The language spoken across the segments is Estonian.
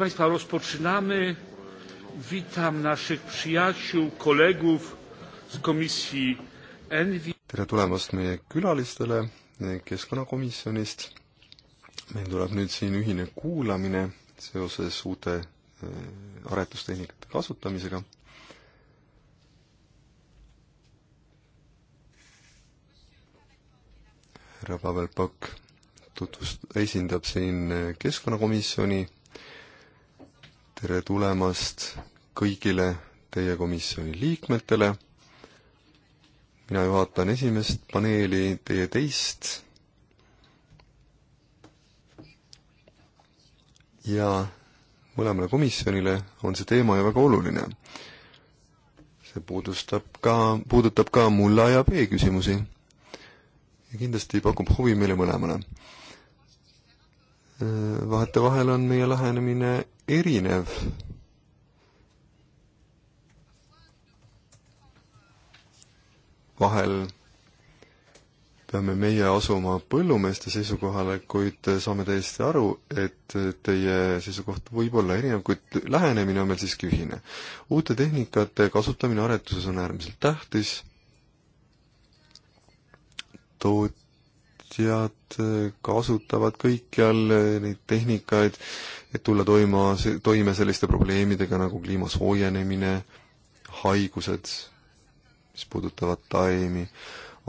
Proszę Państwa, rozpoczynamy. Witam naszych przyjaciół, kolegów z komisji ENVI. tere tulemast meie külalistele Keskkonnakomisjonist. meil tuleb nüüd siin ühine kuulamine seoses uute äh, aretustehnikate kasutamisega härra Pavel Pakk tutvust-, esindab siin Keskkonnakomisjoni tere tulemast kõigile teie komisjoni liikmetele. mina juhatan esimest paneeli, teie teist. ja mõlemale komisjonile on see teema ju väga oluline. see puudustab ka, puudutab ka mulla ja pee küsimusi. ja kindlasti pakub huvi meile mõlemale vahetevahel on meie lähenemine erinev. vahel peame meie asuma põllumeeste seisukohale, kuid saame täiesti aru, et teie seisukoht võib olla erinev, kuid lähenemine on meil siiski ühine. uute tehnikate kasutamine aretuses on äärmiselt tähtis, toot-, tootjad eh, kasutavad kõikjal neid tehnikaid, et tulla toima, toime selliste probleemidega nagu kliima soojenemine, haigused, mis puudutavad taimi,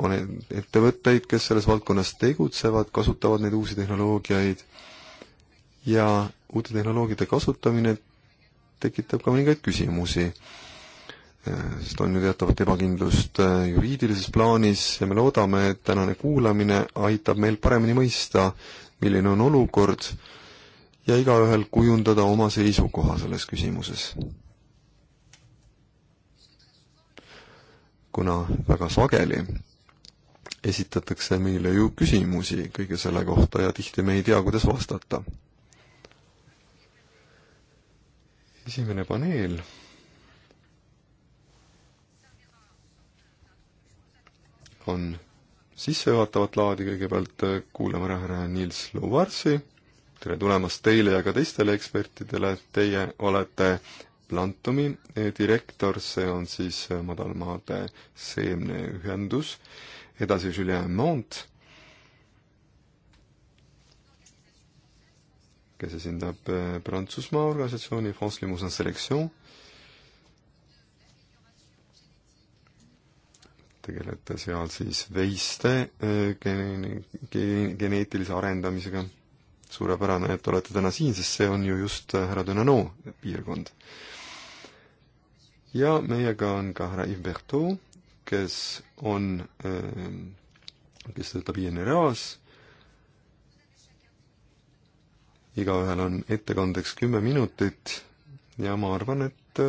on e-, ettevõtteid, kes selles valdkonnas tegutsevad, kasutavad neid uusi tehnoloogiaid ja uute tehnoloogiate kasutamine tekitab ka mõningaid küsimusi Äh, sest on ju teatavat ebakindlust äh, juriidilises plaanis ja me loodame, et tänane kuulamine aitab meil paremini mõista, milline on olukord ja igaühel kujundada oma seisukoha selles küsimuses. kuna väga sageli esitatakse meile ju küsimusi kõige selle kohta ja tihti me ei tea, kuidas vastata. esimene paneel on sissejuhatavat laadi, kõigepealt äh, kuulame ära härra Nils Luvarsi, tere tulemast teile ja ka teistele ekspertidele, teie olete Plantumi äh, direktor, see on siis äh, madalmaade seemneühendus, edasi Julien Mont, kes esindab Prantsusmaa organisatsiooni France Limousin Selection tegelete seal siis veiste eh, gene-, gene-, geneetilise arendamisega. suurepärane, et olete täna siin, sest see on ju just eh, härra Donano piirkond. ja meiega on ka härra Yves Berthaud, kes on, eh, kes töötab INRA-s, igaühel on ettekandeks kümme minutit ja ma arvan, et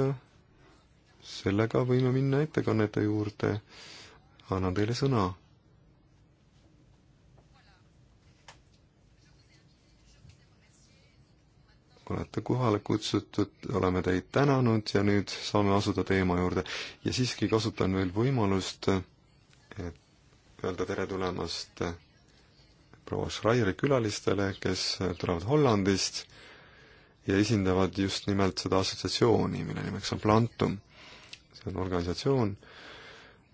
sellega võime minna ettekannete juurde annan teile sõna. olete kohale kutsutud, oleme teid tänanud ja nüüd saame asuda teema juurde. ja siiski kasutan veel võimalust, et öelda tere tulemast proua Schreieri külalistele, kes tulevad Hollandist ja esindavad just nimelt seda assotsiatsiooni, mille nimeks on Plantum. see on organisatsioon,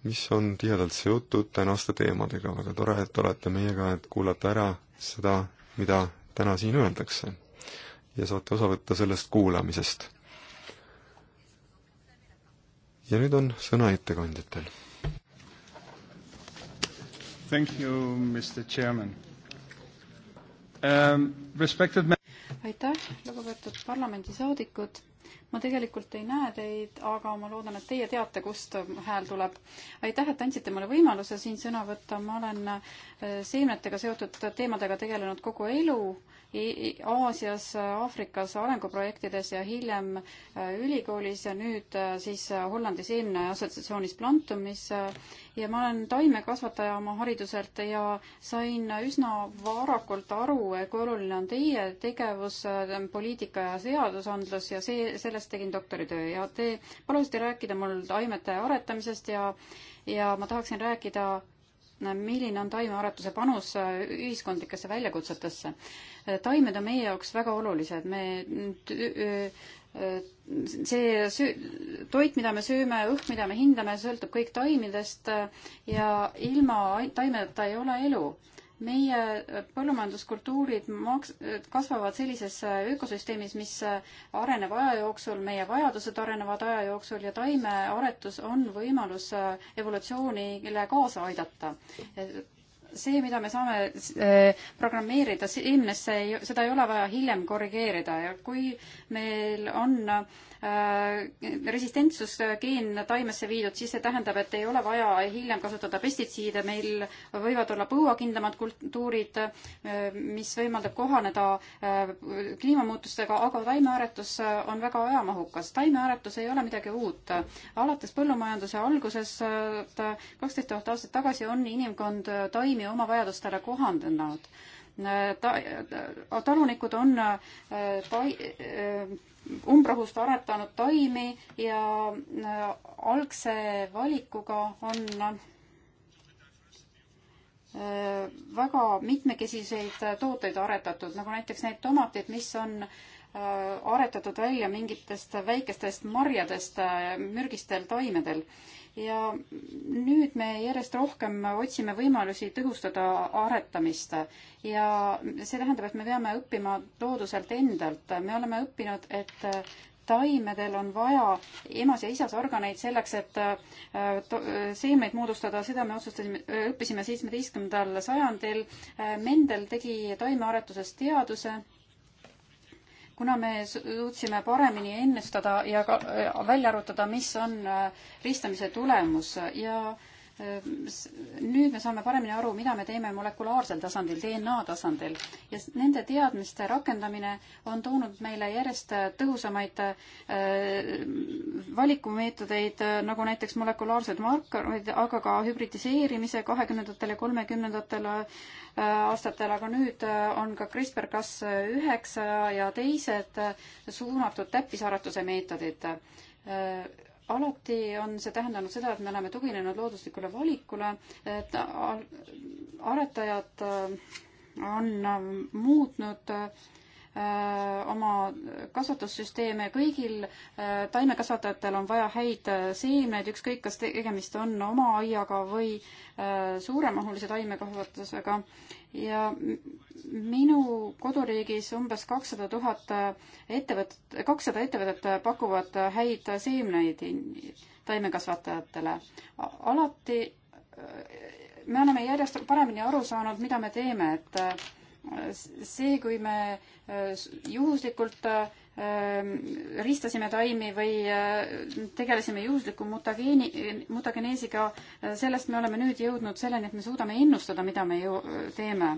mis on tihedalt seotud tänaste teemadega. väga tore, et olete meiega, et kuulate ära seda, mida täna siin öeldakse ja saate osa võtta sellest kuulamisest. ja nüüd on sõna ettekandjatel. Thank you, Mr Chairman um,. Respected aitäh, lugupeetud parlamendisaadikud, ma tegelikult ei näe teid, aga ma loodan, et teie teate, kust hääl tuleb. aitäh, et andsite mulle võimaluse siin sõna võtta, ma olen äh, seemnetega seotud teemadega tegelenud kogu elu Aasias, Aafrikas arenguprojektides ja hiljem äh, ülikoolis ja nüüd äh, siis Hollandi seemneassotsiatsioonis Plantumis. ja ma olen taimekasvataja oma hariduselt ja sain üsna varakult aru, kui oluline on teie tegevus, poliitika ja seadusandlus ja see, selle sellest tegin doktoritöö ja te palusite rääkida mul taimede aretamisest ja, ja ma tahaksin rääkida milline on taimearetuse panus ühiskondlikesse väljakutsetesse. taimed on meie jaoks väga olulised, me see söö-, toit, mida me sööme, õhk, mida me hindame, sõltub kõik taimedest ja ilma taimedeta ei ole elu meie põllumajanduskultuurid maks-, kasvavad sellises ökosüsteemis, mis areneb aja jooksul, meie vajadused arenevad aja jooksul ja taimearetus on võimalus evolutsioonile kaasa aidata see, mida me saame eh, programmeerida seemnesse, seda ei ole vaja hiljem korrigeerida ja kui meil on Äh, resistentsusgeen taimesse viidud, siis see tähendab, et ei ole vaja hiljem kasutada pestitsiide, meil võivad olla põuakindlamad kultuurid, äh, mis võimaldab kohaneda äh, kliimamuutustega, aga taimehääletus on väga ajamahukas. taimehääletus ei ole midagi uut. alates põllumajanduse alguses kaksteist tuhat aastat tagasi on inimkond taimi oma vajadustele kohandanud ta, talunikud on ta, umbrahust aretanud taimi ja äh, algse valikuga on äh, väga mitmekesiseid tooteid aretatud, nagu näiteks need tomatid, mis on äh, aretatud välja mingitest väikestest marjadest mürgistel taimedel ja nüüd me järjest rohkem otsime võimalusi tõhustada aretamist ja see tähendab, et me peame õppima looduselt endalt. me oleme õppinud, et taimedel on vaja emas ja isas organeid selleks, et äh, seemneid moodustada, seda me otsustasime, õppisime seitsmeteistkümnendal sajandil. Äh, Mendel tegi taimearetusest teaduse kuna me suutsime paremini ennustada ja ka äh, välja arvutada, mis on äh, riistamise tulemus ja Ehm, nüüd me saame paremini aru, mida me teeme molekulaarsel tasandil, DNA tasandil ja nende teadmiste rakendamine on toonud meile järjest tõhusamaid ehm, valikumeetodeid, nagu näiteks molekulaarsed markerid, aga ka hübridiseerimise kahekümnendatel ja kolmekümnendatel ehm, aastatel, aga nüüd on ka CRISPR-Cas üheksa ja teised suunatud täppisarvetuse meetodid alati on see tähendanud seda, et me oleme tuginenud looduslikule valikule, et aretajad äh, on muutnud Äh, oma kasvatussüsteeme, kõigil äh, taimekasvatajatel on vaja häid äh, seemneid, ükskõik, kas tegemist on oma aiaga või suuremahulise taimekasvatusega ja minu koduriigis umbes kakssada tuhat ettevõtet, kakssada ettevõtet pakuvad häid seemneid taimekasvatajatele. alati me oleme järjest paremini aru saanud, mida me teeme, et see, kui me äh, juhuslikult äh, ristasime taimi või äh, tegelesime juhusliku mutageeni, mutageneesiga, sellest me oleme nüüd jõudnud selleni, et me suudame ennustada, mida me ju teeme.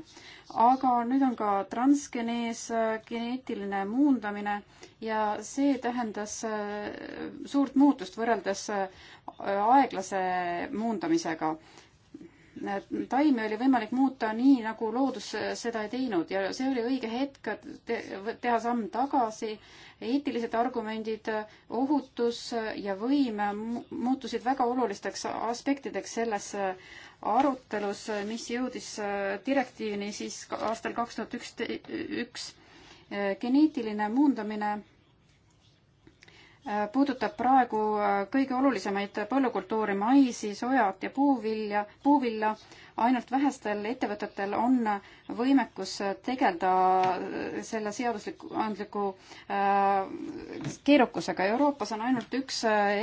aga nüüd on ka transgenees, geneetiline muundamine ja see tähendas suurt muutust võrreldes aeglase muundamisega taimi oli võimalik muuta nii, nagu loodus seda ei teinud ja see oli õige hetk te teha samm tagasi. eetilised argumendid, ohutus ja võim muutusid väga olulisteks aspektideks selles arutelus, mis jõudis direktiivini siis aastal kaks tuhat üks, üks. geneetiline muundamine Äh, puudutab praegu äh, kõige olulisemaid põllukultuure, maisi, sojat ja puuvilja, puuvilla. ainult vähestel ettevõtetel on võimekus tegeleda äh, selle seadusandliku keerukusega. Euroopas on ainult üks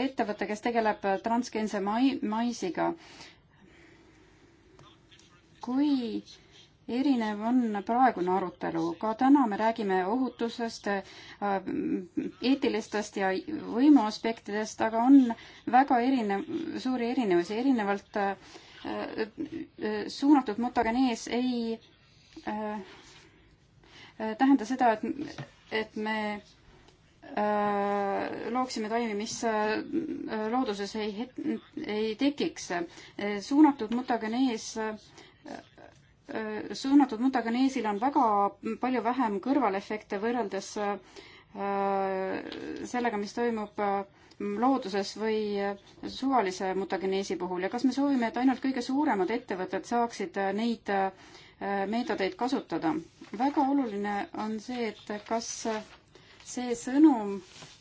ettevõte, kes tegeleb transgeense mai-, maisiga. kui äh, erinev on praegune arutelu, ka täna me räägime ohutusest, äh, eetilistest ja võimu aspektidest, aga on väga erinev, suuri erinevusi, erinevalt äh, äh, suunatud mutagenees ei tähenda seda, et, et me looksime taimi, mis looduses ei, ei tekiks. suunatud mutagenees Äh, suunatud Montagoneesile on väga palju vähem kõrvalefekte võrreldes äh, sellega, mis toimub äh, looduses või suvalise mutageneesi puhul ja kas me soovime, et ainult kõige suuremad ettevõtted saaksid neid meetodeid kasutada? väga oluline on see, et kas see sõnum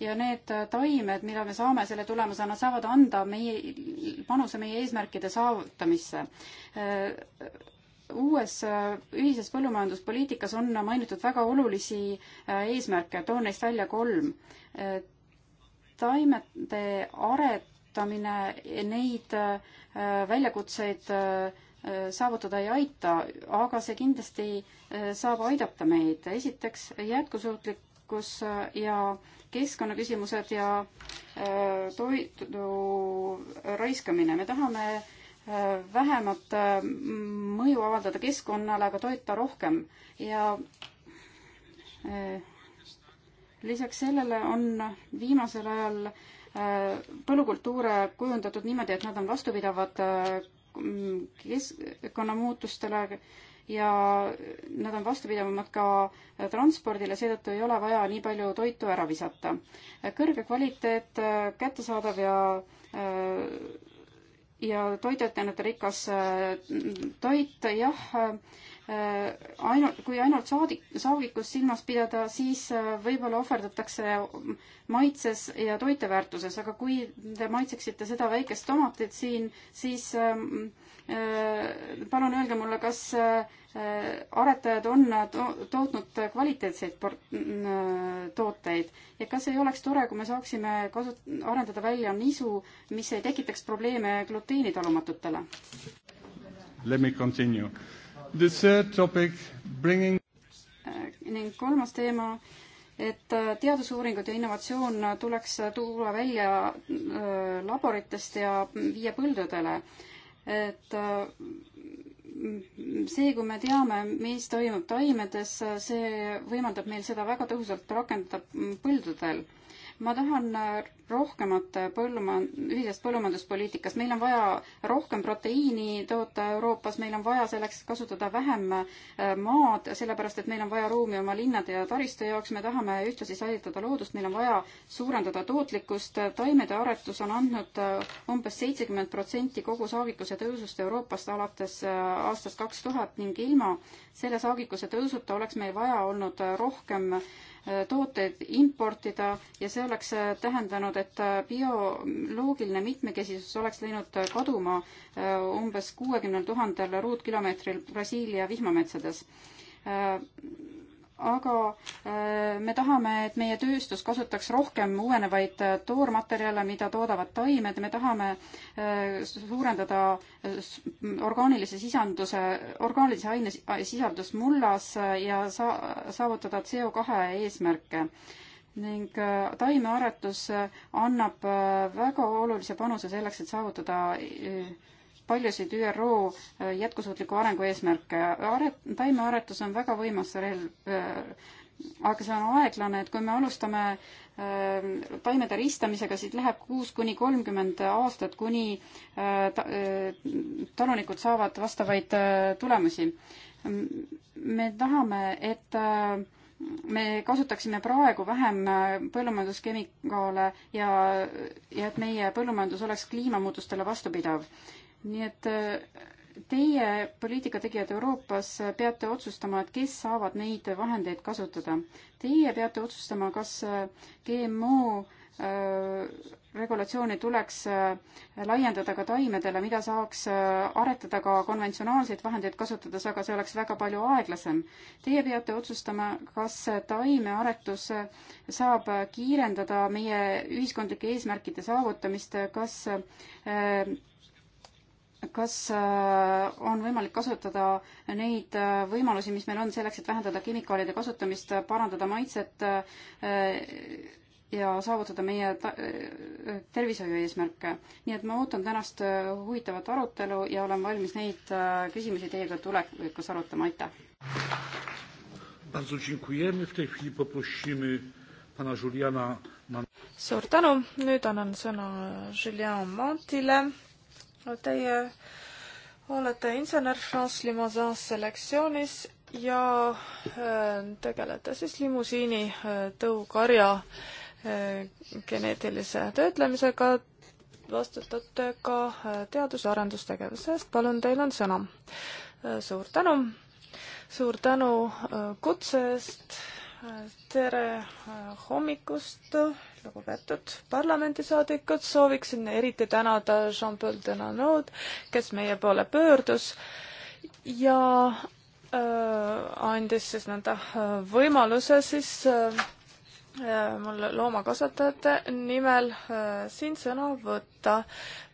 ja need taimed, mida me saame selle tulemusena, saavad anda meie, panuse meie eesmärkide saavutamisse uues äh, ühises põllumajanduspoliitikas on mainitud väga olulisi äh, eesmärke, toon neist välja kolm. Äh, taimede aretamine neid väljakutseid saavutada ei aita, aga see kindlasti saab aidata meid. esiteks jätkusuutlikkus ja keskkonnaküsimused ja toidu raiskamine. me tahame vähemat äh, mõju avaldada keskkonnale, aga toita rohkem ja äh, lisaks sellele on viimasel ajal äh, põllukultuure kujundatud niimoodi, et nad on vastupidavad keskkonnamuutustele ja nad on vastupidavamad ka transpordile, seetõttu ei ole vaja nii palju toitu ära visata. kõrge kvaliteet, kättesaadav ja ja toiduainete rikas äh, toit, jah, äh, ainult, kui ainult saadik, saagikust silmas pidada, siis äh, võib-olla ohverdatakse maitses ja toiteväärtuses, aga kui te maitseksite seda väikest tomatit siin, siis äh, Äh, palun öelge mulle, kas äh, aretajad on to tootnud kvaliteetseid mm, äh, tooteid ja kas ei oleks tore, kui me saaksime kasut-, arendada välja nisu, mis ei tekitaks probleeme gluteenitalumatutele? Let me continue. The third topic, bringing ning kolmas teema, et teadusuuringud ja innovatsioon tuleks tuua välja laboritest ja viia põldudele et äh, see, kui me teame, mis toimub taimedes, see võimaldab meil seda väga tõhusalt rakendada põldudel ma tahan äh, rohkemat põllumajand, ühisest põllumajanduspoliitikast, meil on vaja rohkem proteiini toota Euroopas, meil on vaja selleks kasutada vähem äh, maad, sellepärast et meil on vaja ruumi oma linnade ja taristu jaoks, me tahame ühtlasi säilitada loodust, meil on vaja suurendada tootlikkust, taimede aretus on andnud äh, umbes seitsekümmend protsenti kogu saagikuse tõusust Euroopast alates aastast kaks tuhat ning ilma selle saagikuse tõusuta oleks meil vaja olnud rohkem tooteid importida ja see oleks tähendanud, et bioloogiline mitmekesisus oleks läinud kaduma äh, umbes kuuekümnel tuhandel ruutkilomeetril Brasiilia vihmametsades äh, aga äh, me tahame, et meie tööstus kasutaks rohkem uuenevaid äh, toormaterjale, mida toodavad taimed, me tahame äh, suurendada orgaanilise sisanduse, orgaanilise aine sisaldust mullas ja saa-, saavutada CO kahe eesmärke ning taimearetus annab väga olulise panuse selleks, et saavutada paljusid ÜRO äh, jätkusuutliku arengu eesmärke. taimearetus on väga võimas relv, äh, aga see on aeglane, et kui me alustame äh, taimede ristamisega, siis läheb kuus kuni kolmkümmend aastat, kuni talunikud saavad vastavaid tulemusi. me tahame, et me kasutaksime praegu vähem põllumajanduskemikaale ja, ja et meie põllumajandus oleks kliimamuutustele vastupidav nii et eh, teie, poliitikategijad Euroopas, peate otsustama, et kes saavad neid vahendeid kasutada. Teie peate otsustama, kas eh, GMO eh, regulatsiooni tuleks laiendada ka taimedele, mida saaks aretada ka konventsionaalseid vahendeid kasutades, aga see oleks väga palju aeglasem. Teie peate otsustama, kas taimearetus saab kiirendada meie ühiskondlike eesmärkide saavutamist, kas kas äh, on võimalik kasutada neid äh, võimalusi, mis meil on selleks, et vähendada kemikaalide kasutamist, parandada maitset äh, ja saavutada meie tervishoiu eesmärke. nii et ma ootan tänast huvitavat arutelu ja olen valmis neid küsimusi teiega tulevikus arutama, aitäh! suur tänu, nüüd annan sõna Julien Montile Teie olete insener France Limousins selektsioonis ja äh, tegelete siis limusiini äh, tõukarja äh, geneetilise töötlemisega, vastutate ka teadus- ja arendustegevuse eest, palun, teil on sõna. suur tänu, suur tänu kutse eest, tere hommikust lugupeetud parlamendisaadikud, sooviksin eriti tänada Jean-Paul Denanod, kes meie poole pöördus ja äh, andis siis nõnda äh, võimaluse siis äh, äh, mul loomakasvatajate nimel äh, siin sõna võtta.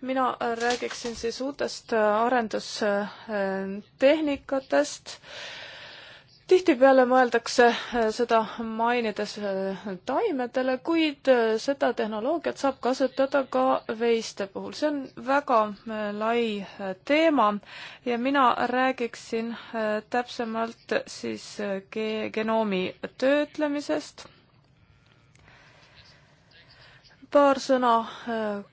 mina räägiksin siis uutest arendustehnikatest äh, tihtipeale mõeldakse äh, seda mainides äh, taimedele, kuid äh, seda tehnoloogiat saab kasutada ka veiste puhul. see on väga lai teema ja mina räägiksin täpsemalt siis ge-, genoomi töötlemisest. paar sõna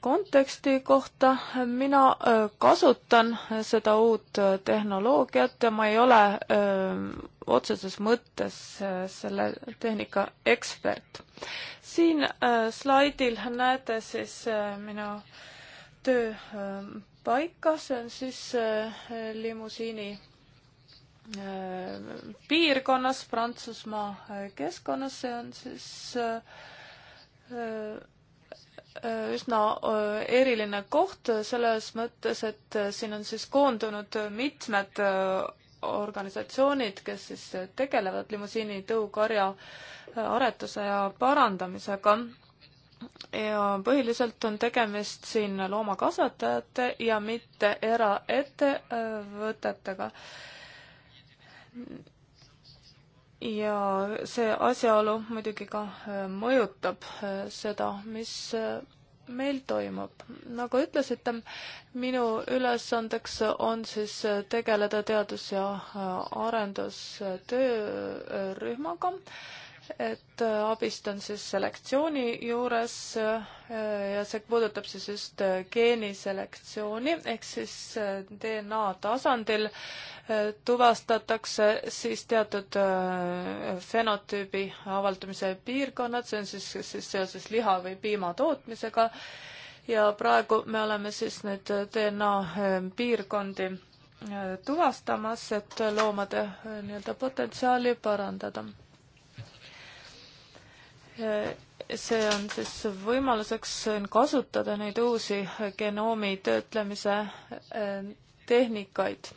konteksti kohta. mina kasutan seda uut tehnoloogiat ja ma ei ole otseses mõttes äh, selle tehnika ekspert. siin äh, slaidil näete siis äh, minu töö paika, see on siis limusiini piirkonnas, Prantsusmaa keskkonnas, see on siis üsna eriline koht selles mõttes, et siin on siis koondunud mitmed organisatsioonid, kes siis tegelevad limusiini tõukarja äh, aretuse ja parandamisega. ja põhiliselt on tegemist siin loomakasvatajate ja mitte eraettevõtetega. ja see asjaolu muidugi ka äh, mõjutab äh, seda, mis meil toimub. nagu ütlesite, minu ülesandeks on siis tegeleda teadus- ja arendustöörühmaga äh, et äh, abistan siis selektsiooni juures äh, ja see puudutab siis just äh, geeniselektsiooni ehk siis DNA tasandil tuvastatakse siis teatud fenotüübi avaldumise piirkonnad, see on siis, siis seoses liha või piima tootmisega ja praegu me oleme siis nüüd DNA piirkondi tuvastamas, et loomade nii-öelda potentsiaali parandada Äh, see on siis võimaluseks kasutada neid uusi genoomi töötlemise äh, tehnikaid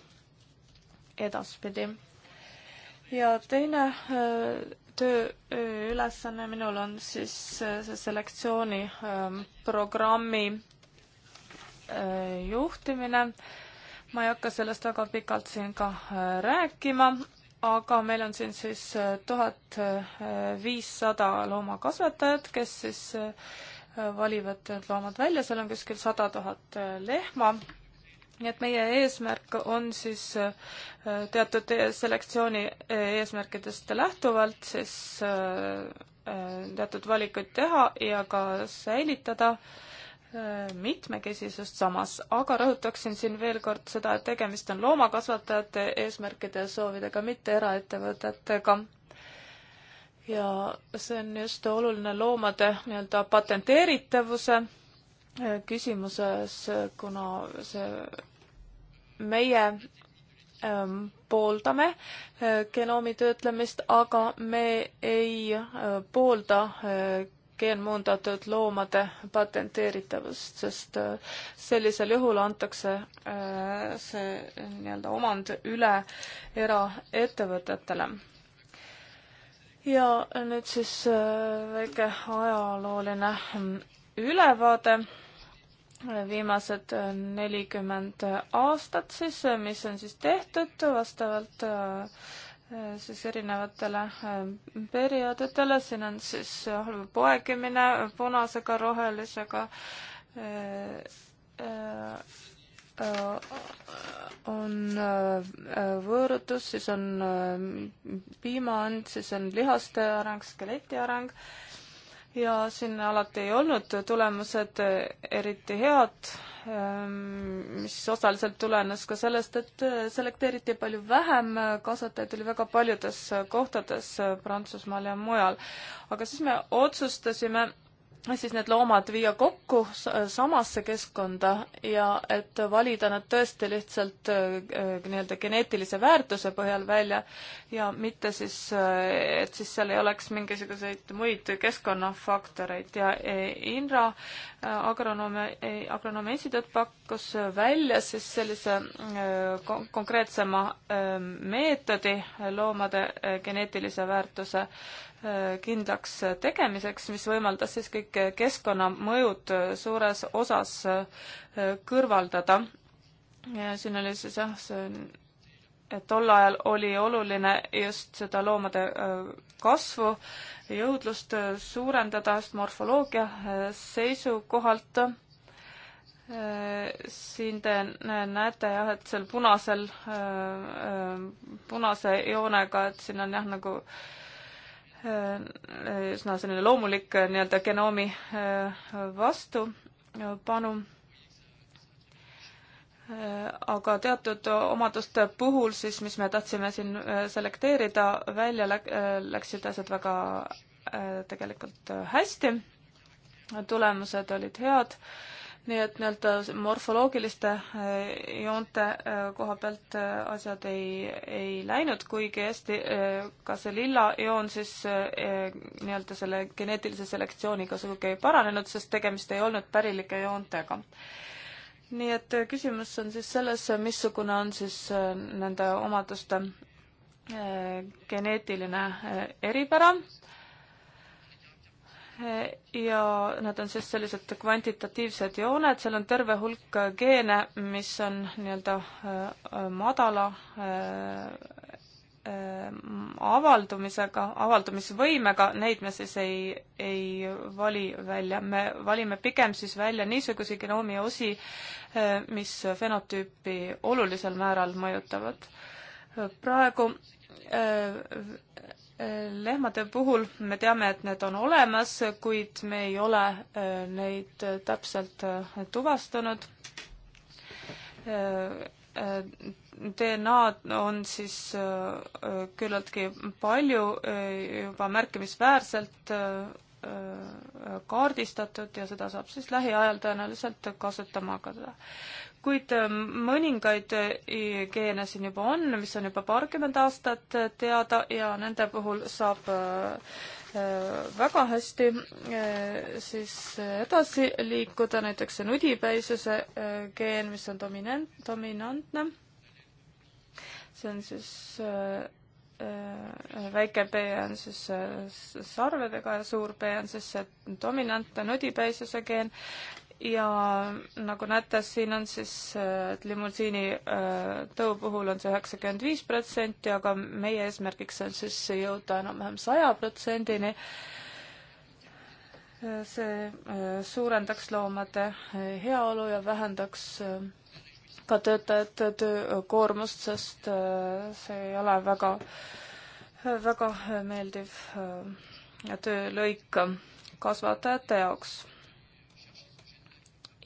edaspidi. ja teine äh, tööülesanne minul on siis see selektsiooni ähm, programmi juhtimine. ma ei hakka sellest väga pikalt siin ka rääkima aga meil on siin siis äh, tuhat äh, viissada loomakasvatajat, kes siis äh, valivad need loomad välja, seal on kuskil sada tuhat lehma. nii et meie eesmärk on siis teatud selektsiooni eesmärkidest lähtuvalt siis teatud valikuid teha ja ka säilitada äh, Äh, mitmekesisust samas, aga rõhutaksin siin veel kord seda, et tegemist on loomakasvatajate eesmärkide ja soovidega, mitte eraettevõtetega. ja see on just oluline loomade nii-öelda patenteeritavuse äh, küsimuses, äh, kuna see meie ähm, pooldame genoomi töötlemist, aga me ei poolda geenmuundatud loomade patenteeritavust, sest äh, sellisel juhul antakse äh, see nii-öelda omand üle eraettevõtetele. ja nüüd siis äh, väike ajalooline mm, ülevaade viimased nelikümmend aastat siis, mis on siis tehtud vastavalt Äh, siis erinevatele äh, perioodidele, siin on siis äh, poegimine punasega, rohelisega, on võõrutus, siis on piimaand, siis on lihaste areng, skeleti areng ja siin alati ei olnud tulemused eriti head Ehm, mis osaliselt tulenes ka sellest, et äh, selekteeriti palju vähem, äh, kasvatajaid oli väga paljudes äh, kohtades Prantsusmaal ja mujal. aga siis me otsustasime siis need loomad viia kokku samasse keskkonda ja et valida nad tõesti lihtsalt äh, nii-öelda geneetilise väärtuse põhjal välja ja mitte siis, äh, et siis seal ei oleks mingisuguseid muid keskkonnafaktoreid ja e, INRA agronoomi, äh, agronoomi instituut e, pakkus välja siis sellise konkreetsema meetodi loomade geneetilise väärtuse Äh, kindlaks tegemiseks, mis võimaldas siis kõik keskkonnamõjud äh, suures osas äh, kõrvaldada. ja siin oli siis jah, see, et tol ajal oli oluline just seda loomade kasvu, jõudlust suurendada just morfoloogia seisukohalt siin te näete jah, et seal punasel, punase joonega, et siin on jah, nagu äh, Äh, äh, üsna selline loomulik äh, nii-öelda genoomi vastupanu. aga teatud omaduste puhul siis, mis me tahtsime siin selekteerida, välja läk-, läksid asjad väga tegelikult hästi, tulemused olid head nii et nii-öelda morfoloogiliste äh, joonte äh, koha pealt äh, asjad ei, ei läinud, kuigi hästi ka see lilla joon siis nii-öelda selle geneetilise selektsiooniga sugugi ei paranenud, sest tegemist ei olnud pärilike joontega. nii et küsimus on siis selles, missugune on siis nende omaduste geneetiline eripära ja need on siis sellised kvantitatiivsed jooned, seal on terve hulk geene, mis on nii-öelda äh, äh, madala äh, avaldumisega, avaldumisvõimega, neid me siis ei, ei vali välja, me valime pigem siis välja niisuguse genoomi osi, mis fenotüüpi olulisel määral mõjutavad. praegu lehmade puhul me teame, et need on olemas, kuid me ei ole äh, neid äh, täpselt äh, tuvastanud. DNA-d on siis küllaltki palju juba märkimisväärselt kaardistatud ja seda saab siis lähiajal tõenäoliselt kasutama hakata kuid ähm, mõningaid äh, geene siin juba on, mis on juba paarkümmend aastat äh, teada ja nende puhul saab äh, väga hästi siis edasi liikuda, näiteks see nudipäisuse geen, mis on dominant, dominantne. see on siis väike B on siis sarvedega ja suur B on siis see dominantne nudipäisuse geen ja nagu näete, siin on siis, et äh, limusiini äh, tõu puhul on see üheksakümmend viis protsenti, aga meie eesmärgiks on siis jõuda enam-vähem saja protsendini äh, see suurendaks loomade heaolu ja vähendaks ka töötajate töökoormust, sest see ei ole väga, väga meeldiv töölõik kasvatajate jaoks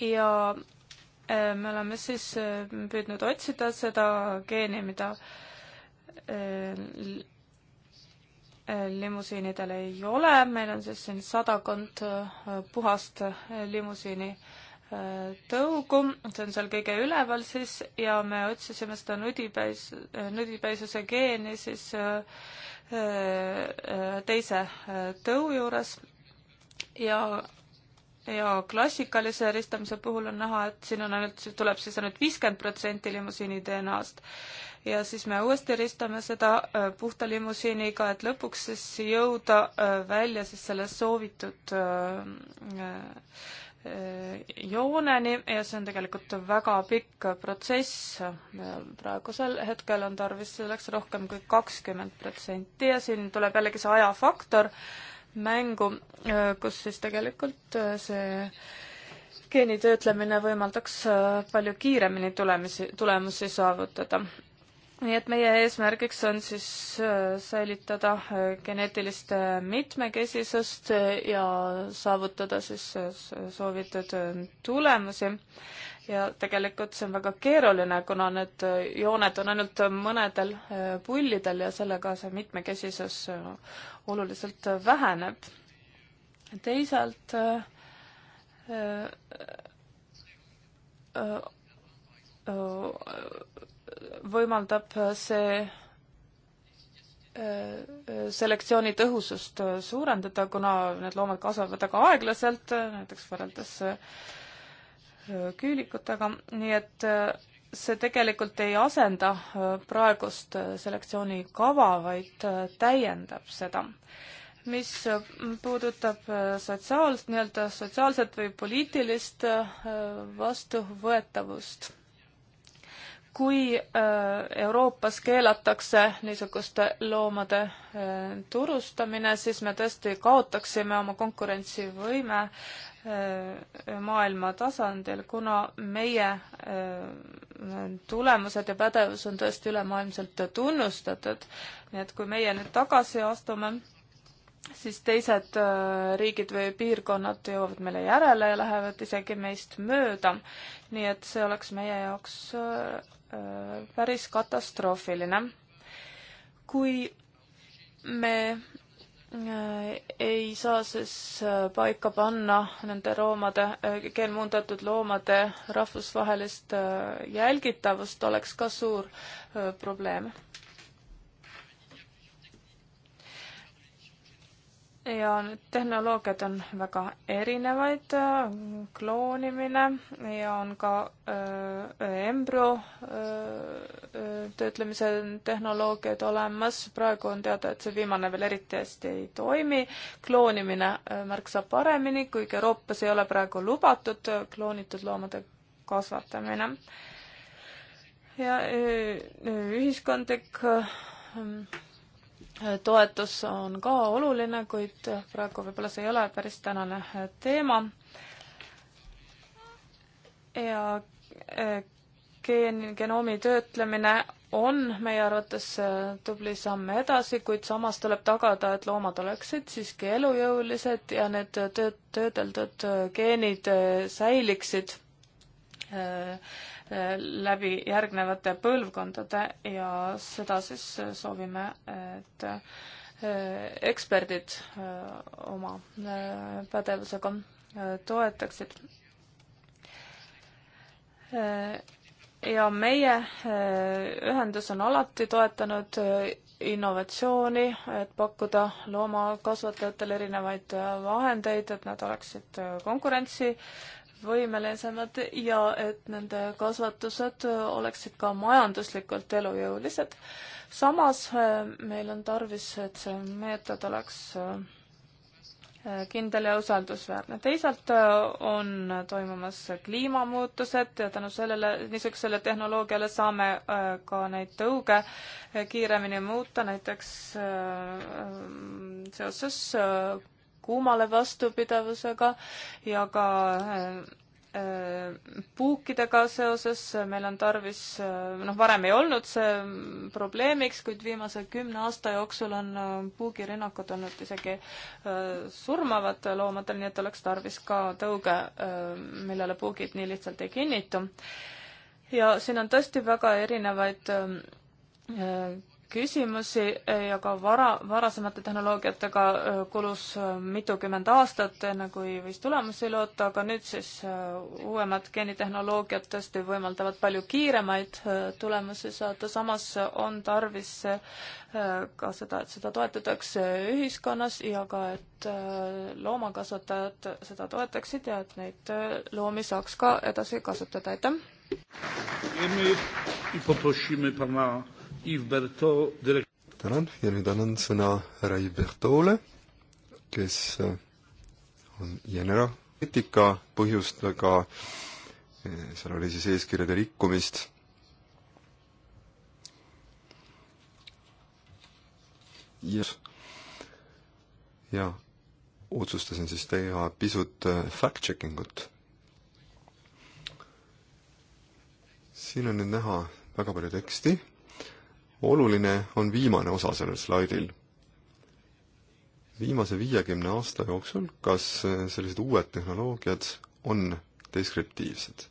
ja äh, me oleme siis äh, püüdnud otsida seda geeni, mida äh, limusiinidel ei ole, meil on siis siin sadakond puhast limusiini tõugu, see on seal kõige üleval siis ja me otsisime seda nudipäis, nudipäisuse geeni siis teise tõu juures ja ja klassikalise ristamise puhul on näha, et siin on ainult, tuleb siis ainult viiskümmend protsenti limusiini DNA-st. ja siis me uuesti ristame seda äh, puhta limusiiniga, et lõpuks siis jõuda äh, välja siis selle soovitud äh, jooneni ja see on tegelikult väga pikk protsess. praegusel hetkel on tarvis selleks rohkem kui kakskümmend protsenti ja siin tuleb jällegi see ajafaktor mängu, kus siis tegelikult see geenitöötlemine võimaldaks palju kiiremini tulemisi, tulemusi saavutada. nii et meie eesmärgiks on siis säilitada geneetilist mitmekesisust ja saavutada siis soovitud tulemusi ja tegelikult see on väga keeruline, kuna need jooned on ainult mõnedel äh, pullidel ja sellega see mitmekesisus äh, oluliselt väheneb. teisalt äh, võimaldab see selektsiooni tõhusust suurendada, kuna need loomad kasvavad väga aeglaselt, näiteks võrreldes küülikutega, nii et äh, see tegelikult ei asenda äh, praegust äh, selektsioonikava, vaid täiendab seda. mis puudutab sotsiaalset, nii-öelda sotsiaalset või poliitilist vastuvõetavust kui äh, Euroopas keelatakse niisuguste loomade äh, turustamine, siis me tõesti kaotaksime oma konkurentsivõime äh, maailma tasandil, kuna meie tulemused ja pädevus on tõesti ülemaailmselt tunnustatud. nii et kui meie nüüd tagasi astume, siis teised riigid või piirkonnad jõuavad meile järele ja lähevad isegi meist mööda. nii et see oleks meie jaoks Äh, päris katastroofiline. kui me äh, ei saa siis äh, paika panna nende loomade, geenmuundatud loomade rahvusvahelist jälgitavust, oleks ka suur probleem ja need tehnoloogiad on väga erinevaid, kloonimine ja on ka äh, embrüo äh, äh, töötlemise tehnoloogiad olemas, praegu on teada, et see viimane veel eriti hästi ei toimi, kloonimine märksa paremini, kuigi Euroopas ei ole praegu lubatud kloonitud loomade kasvatamine. ja ühiskondlik toetus on ka oluline, kuid praegu võib-olla see ei ole päris tänane teema. ja eh, geen, genoomi töötlemine on meie arvates eh, tubli samm edasi, kuid samas tuleb tagada, et loomad oleksid siiski elujõulised ja need tööd, töödeldud eh, geenid säiliksid äh, läbi järgnevate põlvkondade ja seda siis soovime, et eh, eksperdid eh, oma eh, pädevusega toetaksid. ja meie ühendus on alati toetanud innovatsiooni, et pakkuda loomakasvatajatele erinevaid vahendeid, et nad oleksid konkurentsi võimelisemad ja et nende kasvatused oleksid ka majanduslikult elujõulised. samas äh, meil on tarvis, et see meetod oleks äh, kindel ja usaldusväärne. teisalt äh, on toimumas kliimamuutused ja tänu sellele, niisugusele tehnoloogiale saame ka neid tõuge kiiremini muuta, näiteks seoses kuumale vastupidavusega ja ka äh, äh, puukidega seoses meil on tarvis, äh, noh, varem ei olnud see probleemiks, kuid viimase kümne aasta jooksul on puugirünnakud olnud isegi surmavad loomadel, nii et oleks tarvis ka tõuge, millele puugid nii lihtsalt ei kinnitu. ja siin on tõesti väga erinevaid küsimusi eh, ja ka vara, varasemate tehnoloogiatega eh, kulus eh, mitukümmend aastat, enne kui võis tulemusi loota, aga nüüd siis uuemad geenitehnoloogiad tõesti võimaldavad palju kiiremaid tulemusi saada, samas on tarvis ka seda, et seda toetatakse ühiskonnas ja ka, et loomakasvatajad seda toetaksid ja et neid loomi saaks ka edasi kasutada, aitäh! tänan ja nüüd annan sõna härra Ibertole, kes äh, on Jenera etika põhjustega, äh, seal oli siis eeskirjade rikkumist yes.. ja otsustasin siis teha pisut äh, fact-checking ut. siin on nüüd näha väga palju teksti oluline on viimane osa sellel slaidil. viimase viiekümne aasta jooksul, kas sellised uued tehnoloogiad on deskriptiivsed?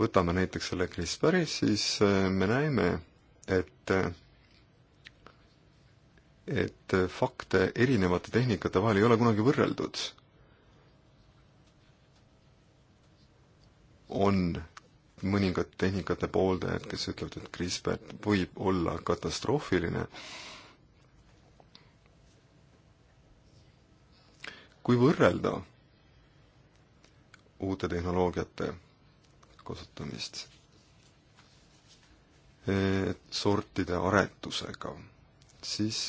Võtame näiteks selle CRISPR-i, siis äh, me näeme, et äh, et fakte erinevate tehnikate vahel ei ole kunagi võrreldud. on mõningad tehnikate pooldajad, kes ütlevad, et CRISPR võib olla katastroofiline. kui võrrelda uute tehnoloogiate kasutamist eh, sortide aretusega, siis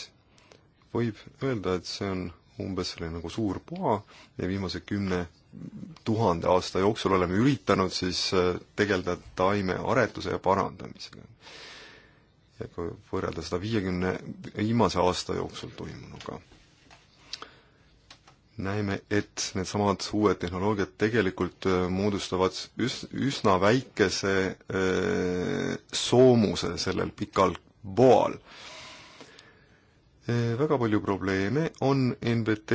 võib öelda, et see on umbes selline nagu suur poa ja viimase kümne tuhande aasta jooksul oleme üritanud siis äh, tegeleda taimearetuse ja parandamisega. ja kui võrrelda seda viiekümne viimase aasta jooksul toimunuga, näeme, et needsamad uued tehnoloogiad tegelikult äh, moodustavad üs-, üsna väikese äh, soomuse sellel pikal boal. väga palju probleeme on NBT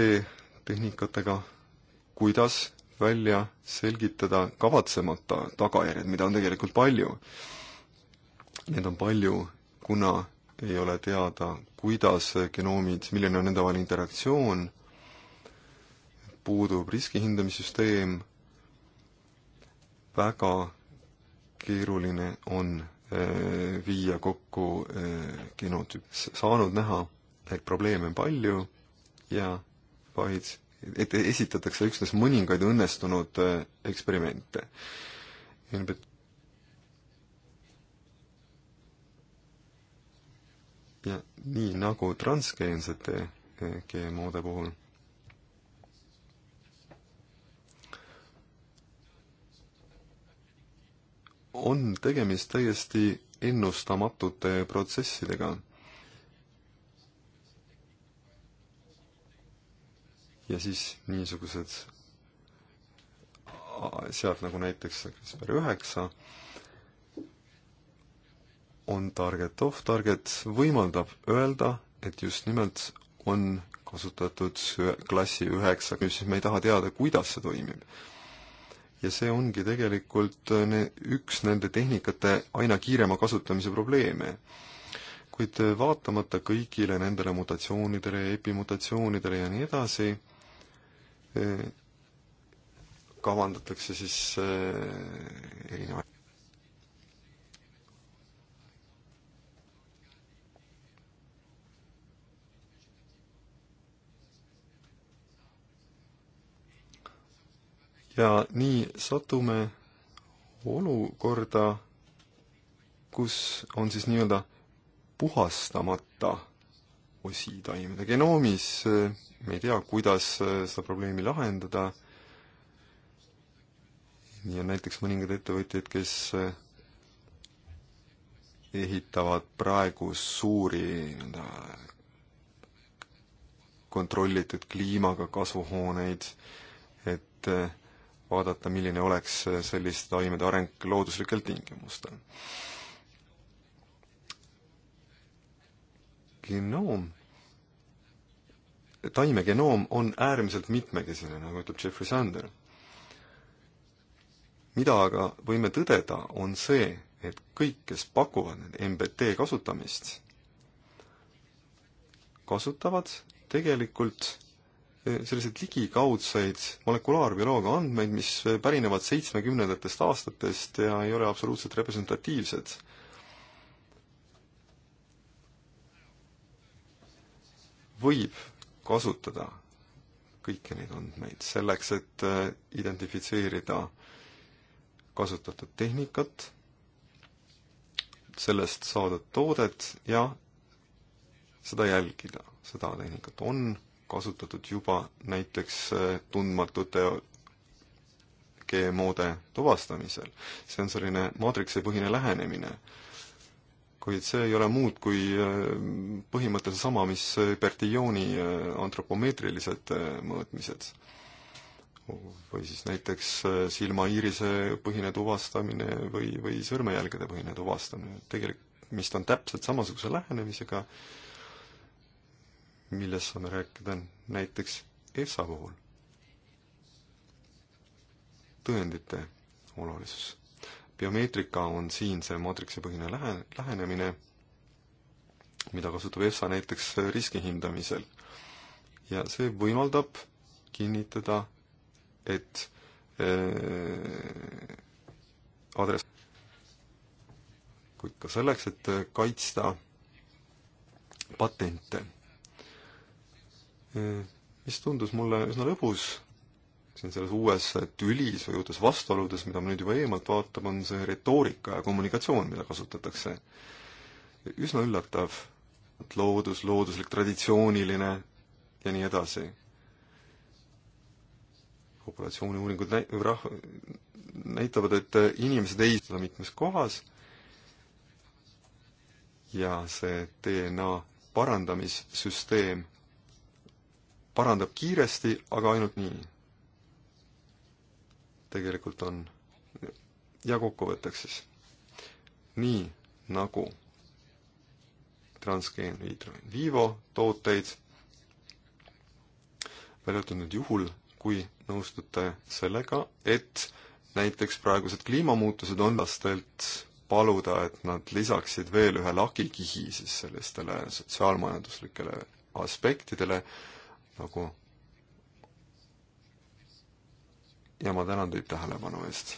tehnikatega kuidas välja selgitada kavatsemata tagajärjed, mida on tegelikult palju. Neid on palju, kuna ei ole teada, kuidas genoomid, milline on nende vahel interaktsioon, puudub riskihindamissüsteem, väga keeruline on eh, viia kokku eh, genotüüp. saanud näha, et probleeme on palju ja vaid et esitatakse üksnes mõningaid õnnestunud äh, eksperimente. Helbert ja nii nagu transgeensete äh, GMO-de puhul. on tegemist täiesti ennustamatute protsessidega ja siis niisugused sealt nagu näiteks CRISPR üheksa on target off target võimaldab öelda, et just nimelt on kasutatud klassi üheksa, siis me ei taha teada, kuidas see toimib. ja see ongi tegelikult äh, ne-, üks nende tehnikate aina kiirema kasutamise probleeme. kuid äh, vaatamata kõigile nendele mutatsioonidele ja epimutatsioonidele ja nii edasi, Äh, kavandatakse siis äh, erinevaid ja nii satume olukorda, kus on siis nii-öelda puhastamata osi taimede genoomis, me ei tea, kuidas seda probleemi lahendada, nii on näiteks mõningad ettevõtjad, kes ehitavad praegu suuri nii-öelda kontrollitud kliimaga kasvuhooneid, et vaadata, milline oleks selliste taimede areng looduslikel tingimustel genoom, taime genoom on äärmiselt mitmekesine, nagu ütleb Jeffrey Sander. mida aga võime tõdeda, on see, et kõik, kes pakuvad nüüd MBT kasutamist, kasutavad tegelikult eh, selliseid ligikaudseid molekulaarbioloogia andmeid, mis eh, pärinevad seitsmekümnendatest aastatest ja ei ole absoluutselt representatiivsed võib kasutada kõiki neid andmeid selleks, et äh, identifitseerida kasutatud tehnikat, sellest saadud toodet ja seda jälgida. seda tehnikat on kasutatud juba näiteks äh, tundmatute GMO-de tuvastamisel. see on selline maatriksipõhine lähenemine kuid see ei ole muud kui äh, põhimõtteliselt sama, mis äh, Bertilloni äh, antropomeetrilised mõõtmised. või siis näiteks silmaiirise põhine tuvastamine või, või sõrmejälgede põhine tuvastamine, tegemist on täpselt samasuguse lähenemisega, millest saame rääkida näiteks EFSA puhul. tõendite olulisus biomeetrika on siin see maatriksipõhine lähe, lähenemine, mida kasutab EFSA näiteks riski hindamisel. ja see võimaldab kinnitada, et äh, adress, kuid ka selleks, et kaitsta patente äh,, mis tundus mulle üsna lõbus see on selles uues tülis või uutes vastuoludes, mida me nüüd juba eemalt vaatame, on see retoorika ja kommunikatsioon, mida kasutatakse. üsna üllatav, et loodus, looduslik, traditsiooniline ja nii edasi. populatsiooniuuringud näi-, rah-, näitavad, et inimesed ei seda mitmes kohas ja see DNA parandamissüsteem parandab kiiresti, aga ainult nii tegelikult on. ja kokkuvõtteks siis, nii nagu Transgeen Vitro in Vivo tooteid, välja arvatud juhul, kui nõustute sellega, et näiteks praegused kliimamuutused on lastelt paluda, et nad lisaksid veel ühe lakikihi siis sellistele sotsiaalmajanduslikele aspektidele, nagu ja ma tänan teid tähelepanu eest.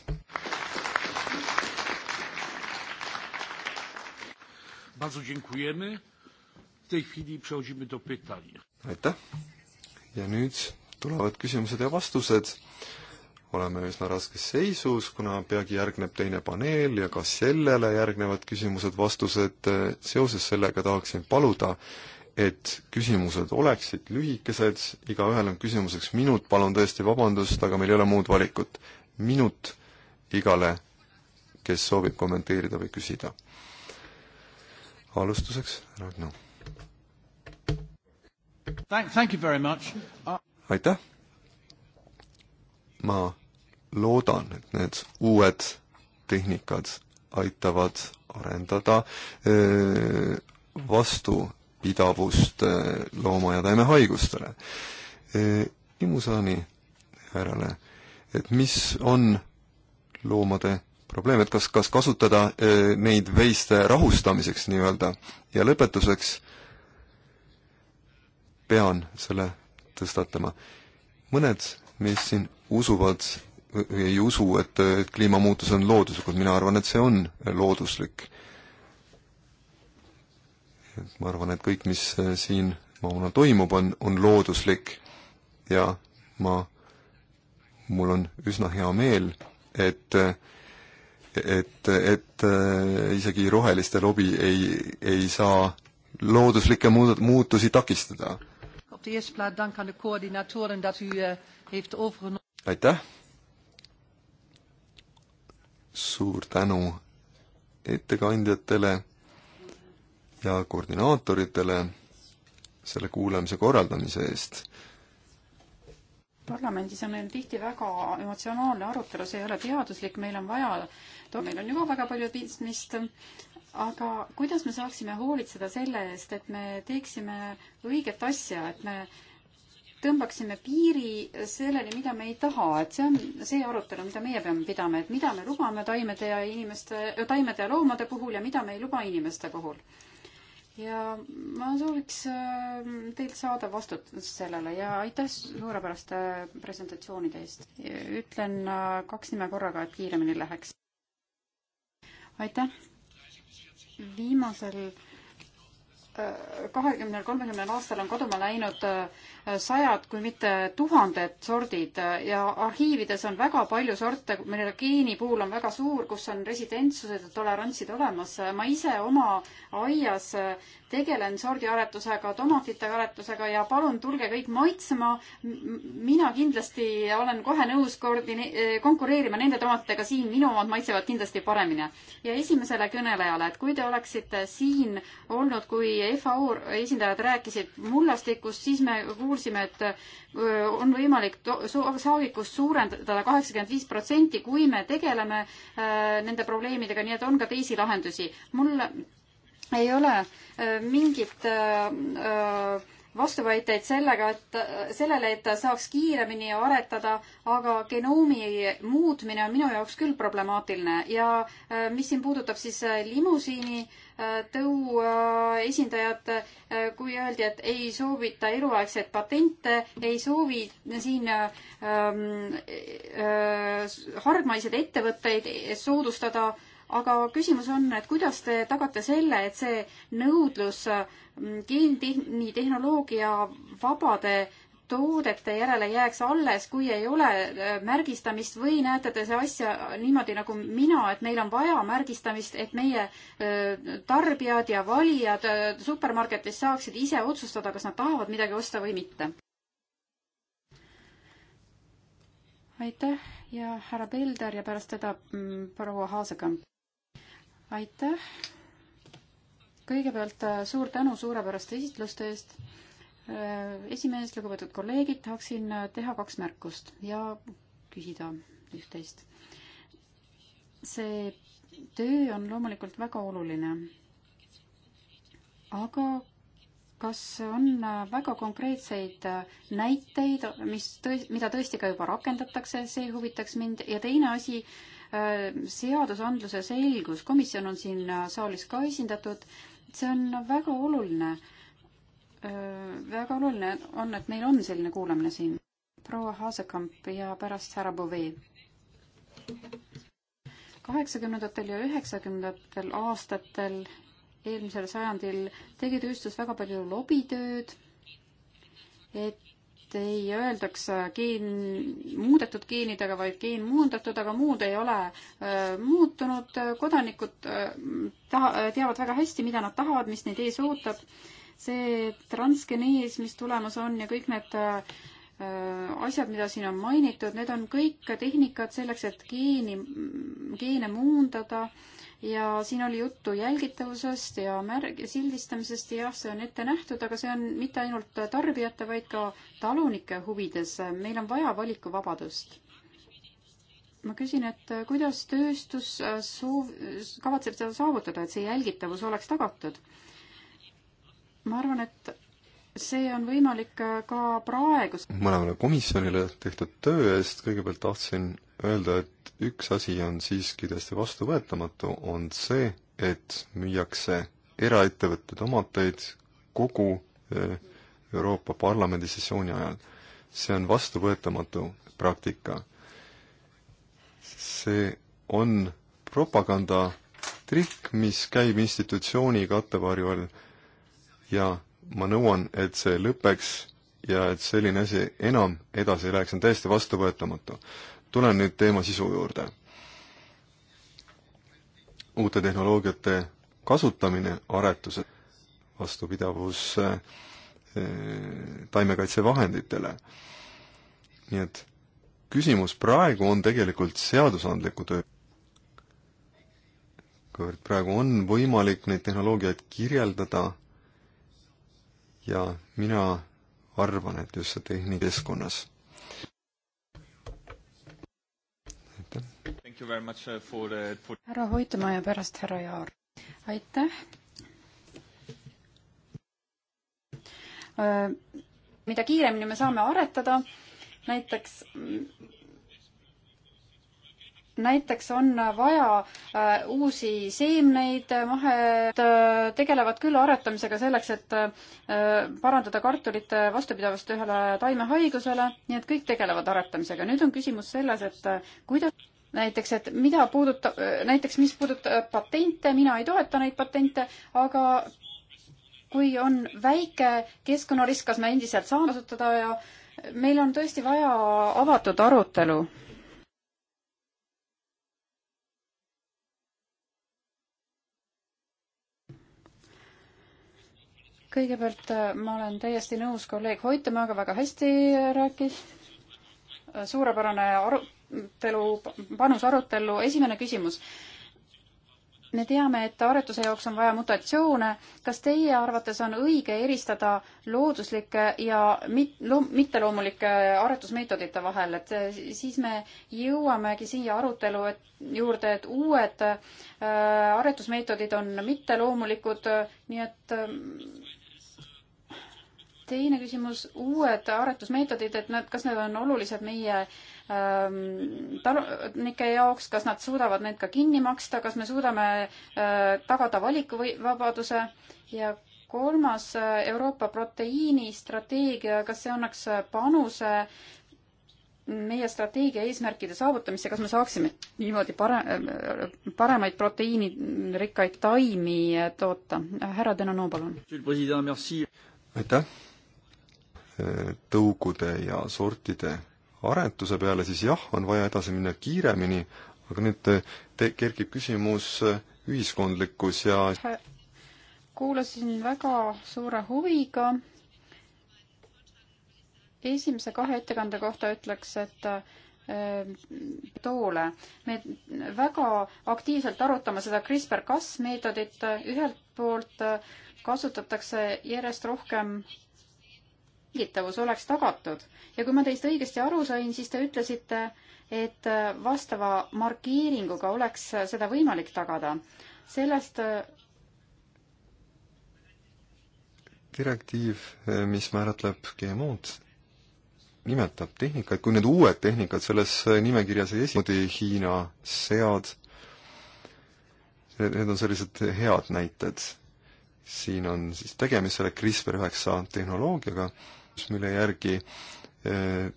aitäh ja nüüd tulevad küsimused ja vastused. oleme üsna raskes seisus, kuna peagi järgneb teine paneel ja ka sellele järgnevad küsimused-vastused. seoses sellega tahaksin paluda, et küsimused oleksid lühikesed, igaühel on küsimuseks minut, palun tõesti vabandust, aga meil ei ole muud valikut. minut igale, kes soovib kommenteerida või küsida. alustuseks Ragnar no.. Uh, aitäh! ma loodan, et need uued tehnikad aitavad arendada äh, vastu pidavust eh, looma- ja taimehaigustele. Eh, Imusani härrale, et mis on loomade probleem, et kas, kas kasutada eh, neid veiste rahustamiseks nii-öelda ja lõpetuseks pean selle tõstatama. mõned meist siin usuvad või ei usu, et kliimamuutus on looduslikult, mina arvan, et see on looduslik ma arvan, et kõik, mis äh, siin maamuna toimub, on, on looduslik ja ma, mul on üsna hea meel, et et, et äh, isegi roheliste lobi ei, ei saa looduslikke muud-, muutusi takistada. Eh, aitäh! suur tänu ettekandjatele ja koordinaatoritele selle kuulamise korraldamise eest. parlamendis on meil tihti väga emotsionaalne arutelu, see ei ole teaduslik, meil on vaja, meil on juba väga palju pistmist, aga kuidas me saaksime hoolitseda selle eest, et me teeksime õiget asja, et me tõmbaksime piiri selleni, mida me ei taha, et see on see arutelu, mida meie peame pidama, et mida me lubame taimede ja inimeste, taimede ja loomade puhul ja mida me ei luba inimeste puhul ja ma sooviks ähm, teilt saada vastutust sellele ja aitäh suurepäraste äh, presentatsioonide eest. ütlen äh, kaks nime korraga, et kiiremini läheks. aitäh. viimasel äh, kahekümnel, kolmekümnel aastal on kaduma läinud äh, sajad, kui mitte tuhanded sordid ja arhiivides on väga palju sorte, mille geenipuul on väga suur, kus on residentsused ja tolerantsid olemas. ma ise oma aias tegelen sordiaretusega, tomatite aretusega ja palun tulge kõik maitsema. mina kindlasti olen kohe nõus koordine-, konkureerima nende tomatitega siin, minu omad maitsevad kindlasti paremini. ja esimesele kõnelejale, et kui te oleksite siin olnud, kui FAO esindajad rääkisid mullastikust, siis me kuulsime, et on võimalik saagikust suurendada kaheksakümmend viis protsenti, kui me tegeleme nende probleemidega, nii et on ka teisi lahendusi. mul ei ole äh, mingit äh, äh, vastuväiteid sellega, et sellele, et ta saaks kiiremini aretada, aga genoomi muutmine on minu jaoks küll problemaatiline ja mis siin puudutab siis limusiini tõu esindajat, kui öeldi, et ei soovita eluaegseid patente, ei soovi siin ähm, äh, hargmaised ettevõtteid soodustada äh, aga küsimus on, et kuidas te tagate selle, et see nõudlus mm, geenitehnoloogia vabade toodete järele jääks alles, kui ei ole äh, märgistamist või näete te see asja niimoodi nagu mina, et meil on vaja märgistamist, et meie äh, tarbijad ja valijad äh, supermarketis saaksid ise otsustada, kas nad tahavad midagi osta või mitte? aitäh ja härra Pelder ja pärast teda mm, proua Haasekamp aitäh! kõigepealt äh, suur tänu suurepäraste esitluste eest. Äh, esimees, lugupeetud kolleegid, tahaksin äh, teha kaks märkust ja küsida üht-teist. see töö on loomulikult väga oluline. aga kas on väga konkreetseid näiteid, mis tõi-, mida tõesti ka juba rakendatakse, see huvitaks mind, ja teine asi, seadusandluse selgus, komisjon on siin äh, saalis ka esindatud, see on väga oluline. Äh, väga oluline on, et meil on selline kuulamine siin. proua Haasekamp ja pärast härra Bovee. kaheksakümnendatel ja üheksakümnendatel aastatel eelmisel sajandil tegi tööstus väga palju lobitööd, et et ei öeldaks äh, geen, muudetud geenidega, vaid geenmuundatud, aga muud ei ole äh, muutunud. kodanikud äh, taha, teavad väga hästi, mida nad tahavad, mis neid ees ootab. see transgenees, mis tulemas on ja kõik need asjad, mida siin on mainitud, need on kõik tehnikad selleks, et geeni, geene muundada äh, ja siin oli juttu jälgitavusest ja märg-, sildistamisest, jah, see on ette nähtud, aga see on mitte ainult tarbijate, vaid ka talunike huvides. meil on vaja valikuvabadust. ma küsin, et kuidas tööstus soov, kavatseb seda saavutada, et see jälgitavus oleks tagatud? ma arvan, et see on võimalik ka praegu. mõlemale komisjonile tehtud töö eest kõigepealt tahtsin öelda, et üks asi on siiski täiesti vastuvõetamatu, on see, et müüakse eraettevõtted omateid kogu eh, Euroopa Parlamendi sessiooni ajal. see on vastuvõetamatu praktika. see on propagandatrikk, mis käib institutsiooni kattevarju all ja ma nõuan, et see lõpeks ja et selline asi enam edasi ei läheks, on täiesti vastuvõetamatu tulen nüüd teema sisu juurde. uute tehnoloogiate kasutamine aretuses, vastupidavus eh, taimekaitsevahenditele. nii et küsimus praegu on tegelikult seadusandliku töö. kuivõrd praegu on võimalik neid tehnoloogiaid kirjeldada ja mina arvan, et just see tehnikeskkonnas Uh, uh, härra Hoitamaa ja pärast härra Jaar. aitäh äh,. mida kiiremini me saame aretada, näiteks näiteks on vaja äh, uusi seemneid, mahed äh, tegelevad küll aretamisega selleks, et äh, parandada kartulite vastupidavust ühele taimehaigusele, nii et kõik tegelevad aretamisega. nüüd on küsimus selles, et äh, kuidas näiteks, et mida puudutab, näiteks mis puudutab patente, mina ei toeta neid patente, aga kui on väike keskkonnarisk, kas me endiselt saame kasutada ja meil on tõesti vaja avatud arutelu. kõigepealt äh, ma olen täiesti nõus, kolleeg Hoitemäega väga hästi rääkis. suurepärane aru-, arutelu, panus arutellu, esimene küsimus. me teame, et aretuse jaoks on vaja mutatsioone. kas teie arvates on õige eristada looduslikke ja mit-, lo-, mitteloomulike aretusmeetodite vahel, et eh, siis me jõuamegi siia arutelu et, juurde, et uued äh, eh, aretusmeetodid on mitteloomulikud, nii et äh, teine küsimus, uued aretusmeetodid, et nad, kas need on olulised meie äh, Ehm, talunike jaoks, kas nad suudavad need ka kinni maksta, kas me suudame äh, tagada valikuvabaduse ja kolmas äh, Euroopa proteiinistrateegia, kas see annaks äh, panuse meie strateegia eesmärkide saavutamisse, kas me saaksime niimoodi pare-, paremaid proteiinirikkaid taimi toota? härra Denonoo, palun. aitäh! tõugude ja sortide arenduse peale, siis jah, on vaja edasi minna kiiremini, aga nüüd te-, kerkib küsimus äh, ühiskondlikkus ja kuulasin väga suure huviga esimese kahe ettekande kohta ütleks, et äh, toole. me väga aktiivselt arutame seda CRISPR-Cas meetodit, ühelt poolt äh, kasutatakse järjest rohkem jälgitavus oleks tagatud. ja kui ma teist õigesti aru sain, siis te ütlesite, et vastava markeeringuga oleks seda võimalik tagada. sellest äh, direktiiv, äh, mis määratleb GMO-d, nimetab tehnikaid, kui need uued tehnikad selles äh, nimekirjas ei esi-, Hiina sead, need on sellised head näited. siin on siis tegemist selle CRISPR üheksa tehnoloogiaga mille järgi eh,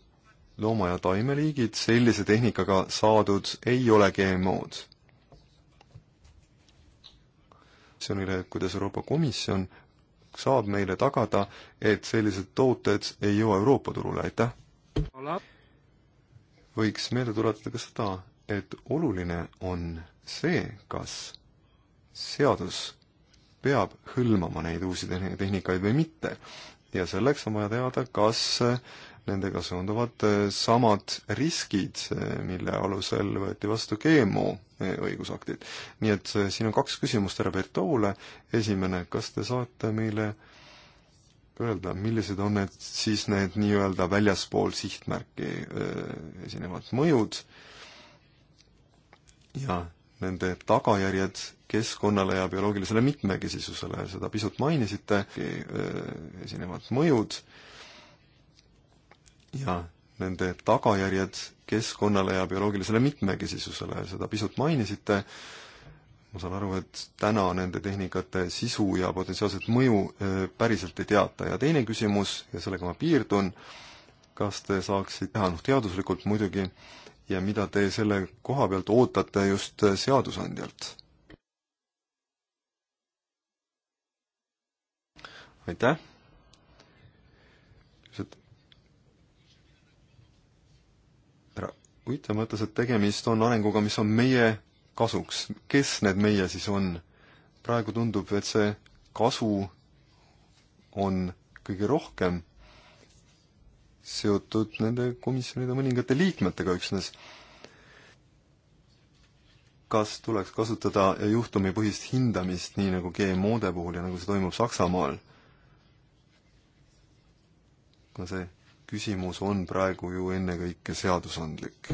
looma- ja taimeliigid sellise tehnikaga saadud ei ole GMO-d. see on üle, kuidas Euroopa Komisjon saab meile tagada, et sellised tooted ei jõua Euroopa turule, aitäh! võiks meelde tuletada ka seda, et oluline on see, kas seadus peab hõlmama neid uusi tehnikaid või mitte ja selleks on vaja teada, kas äh, nendega seonduvad äh, samad riskid, äh, mille alusel võeti vastu GMO õigusaktid. nii et siin on kaks küsimust härra Bertoule, esimene, kas te saate meile öelda, millised on need siis need nii-öelda väljaspool sihtmärki esinevad mõjud ja nende tagajärjed keskkonnale ja bioloogilisele mitmekesisusele, seda pisut mainisite, e, e, esinevad mõjud ja nende tagajärjed keskkonnale ja bioloogilisele mitmekesisusele, seda pisut mainisite, ma saan aru, et täna nende tehnikate sisu ja potentsiaalset mõju e, päriselt ei teata ja teine küsimus, ja sellega ma piirdun, kas te saaksite teha, noh teaduslikult muidugi, ja mida te selle koha pealt ootate just seadusandjalt? aitäh! härra Uito mõtles, et tegemist on arenguga, mis on meie kasuks. kes need meie siis on? praegu tundub, et see kasu on kõige rohkem seotud nende komisjonide mõningate liikmetega üksnes. kas tuleks kasutada juhtumipõhist hindamist, nii nagu GMO-de puhul ja nagu see toimub Saksamaal? kuna see küsimus on praegu ju ennekõike seadusandlik.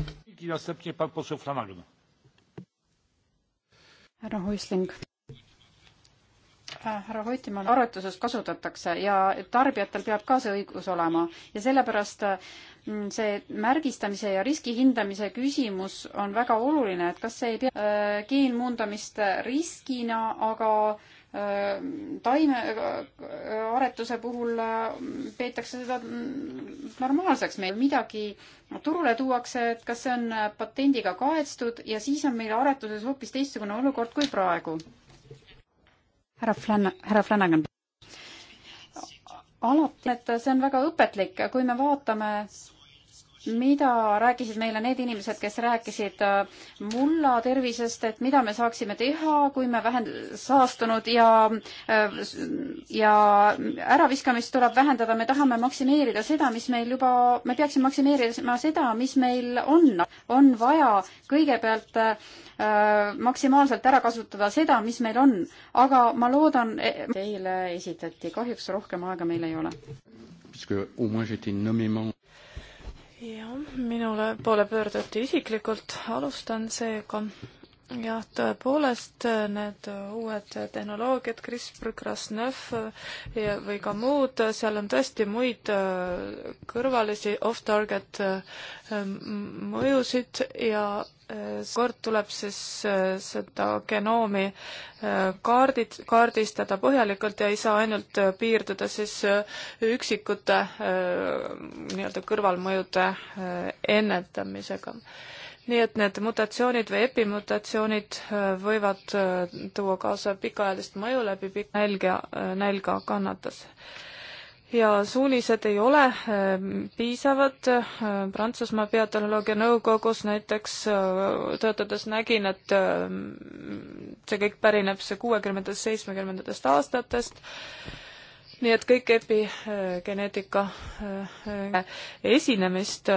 härra Hoisling äh, härra Hoitimaal arvutusest kasutatakse ja tarbijatel peab ka see õigus olema ja sellepärast mm, see märgistamise ja riski hindamise küsimus on väga oluline, et kas see ei pea äh, geenmuundamist riskina, aga äh, taimearetuse puhul äh, peetakse seda normaalseks, meil midagi turule tuuakse, et kas see on patendiga kaetstud ja siis on meil aretuses hoopis teistsugune olukord kui praegu. härra Flan-, härra Flanagan. alati, et see on väga õpetlik, kui me vaatame mida rääkisid meile need inimesed, kes rääkisid äh, mulla tervisest, et mida me saaksime teha, kui me vähend-, saastunud ja, äh, ja äraviskamist tuleb vähendada, me tahame maksimeerida seda, mis meil juba, me peaksime maksimeerima seda, mis meil on. on vaja kõigepealt äh, maksimaalselt ära kasutada seda, mis meil on. aga ma loodan, e-, teile esitati, kahjuks rohkem aega meil ei ole. Parce que au moins j'étais nommément jah, minule poole pöörduti isiklikult, alustan seega. jah, tõepoolest need uued tehnoloogiad, CRISPR, Cas9 või ka muud, seal on tõesti muid äh, kõrvalisi off-target äh, mõjusid ja kord tuleb siis äh, seda genoomi äh, kaardid, kaardistada põhjalikult ja ei saa ainult äh, piirduda siis üksikute nii-öelda kõrvalmõjude ennetamisega. nii et need mutatsioonid või epimutatsioonid võivad tuua kaasa pikaajalist mõju läbi pikk nälg ja nälga kannatas ja suunised ei ole ähm, piisavad. Ähm, Prantsusmaa biotehnoloogia nõukogus näiteks äh, töötades nägin, et ähm, see kõik pärineb see kuuekümnendast, seitsmekümnendatest aastatest nii et kõik epigeneetika äh, äh, äh, esinemist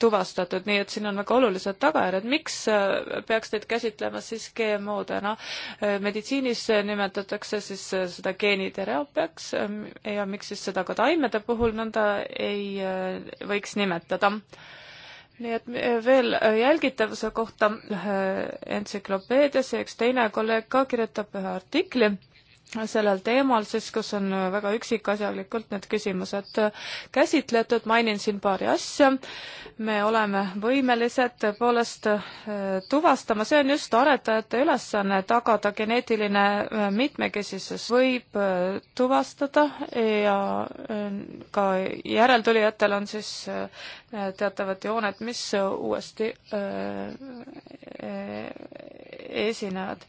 tuvastatud, nii et siin on väga olulised tagajärjed. miks peaks neid käsitlema siis GMO-dena? meditsiinis nimetatakse siis seda geeniteraapiaks ähm, ja miks siis seda ka taimede puhul nõnda ei võiks nimetada? nii et veel jälgitavuse kohta entsüklopeedias ja üks teine kolleeg ka kirjutab ühe artikli sellel teemal, siis kus on väga üksikasjalikult need küsimused käsitletud, mainin siin paari asja. me oleme võimelised tõepoolest äh, tuvastama, see on just aretajate ülesanne, tagada geneetiline äh, mitmekesisus, võib äh, tuvastada ja ka järeltulijatel on siis teatavad jooned, mis uuesti e-, e-, esinevad.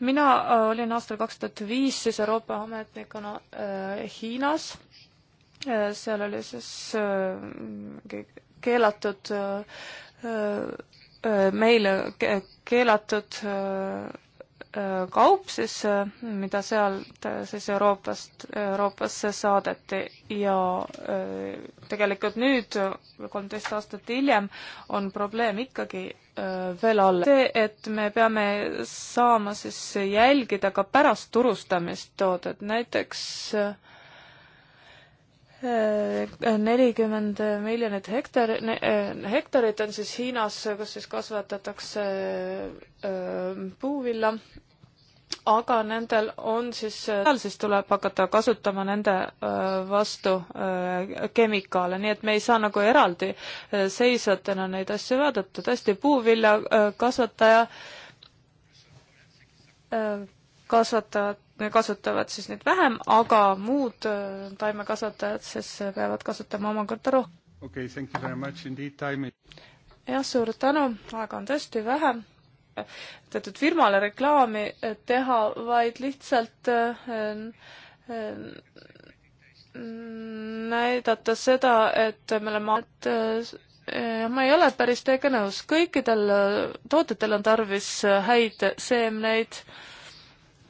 mina olin aastal kaks tuhat viis viis siis Euroopa ametnikuna äh, Hiinas äh,. seal oli siis äh, keelatud äh, äh, äh meile keelatud äh, Äh, kaup siis, äh, mida sealt äh, siis Euroopast, Euroopasse saadeti ja tegelikult nüüd, kolmteist aastat hiljem, on probleem ikkagi veel alles. see, et me peame saama siis jälgida ka pärast turustamist toodet, näiteks äh, nelikümmend miljonit hektar, eh, hektarit on siis Hiinas, kus siis kasvatatakse eh, puuvilla, aga nendel on siis, seal siis tuleb hakata kasutama nende eh, vastu kemikaale, nii et me ei saa nagu eraldi seisvatena neid asju vaadata, tõesti puuvilja kasvataja kasvatavad kasutavad siis neid vähem, aga muud äh, taimekasvatajad siis peavad kasutama omakorda rohkem. okei okay,, thank you very much indeed, time is jah, suur tänu, aega on tõesti vähe teatud firmale reklaami äh, teha, vaid lihtsalt äh, mm, näidata seda, et me oleme, et ma ei ole päris teiega nõus, kõikidel tootetel on tarvis häid seemneid äh,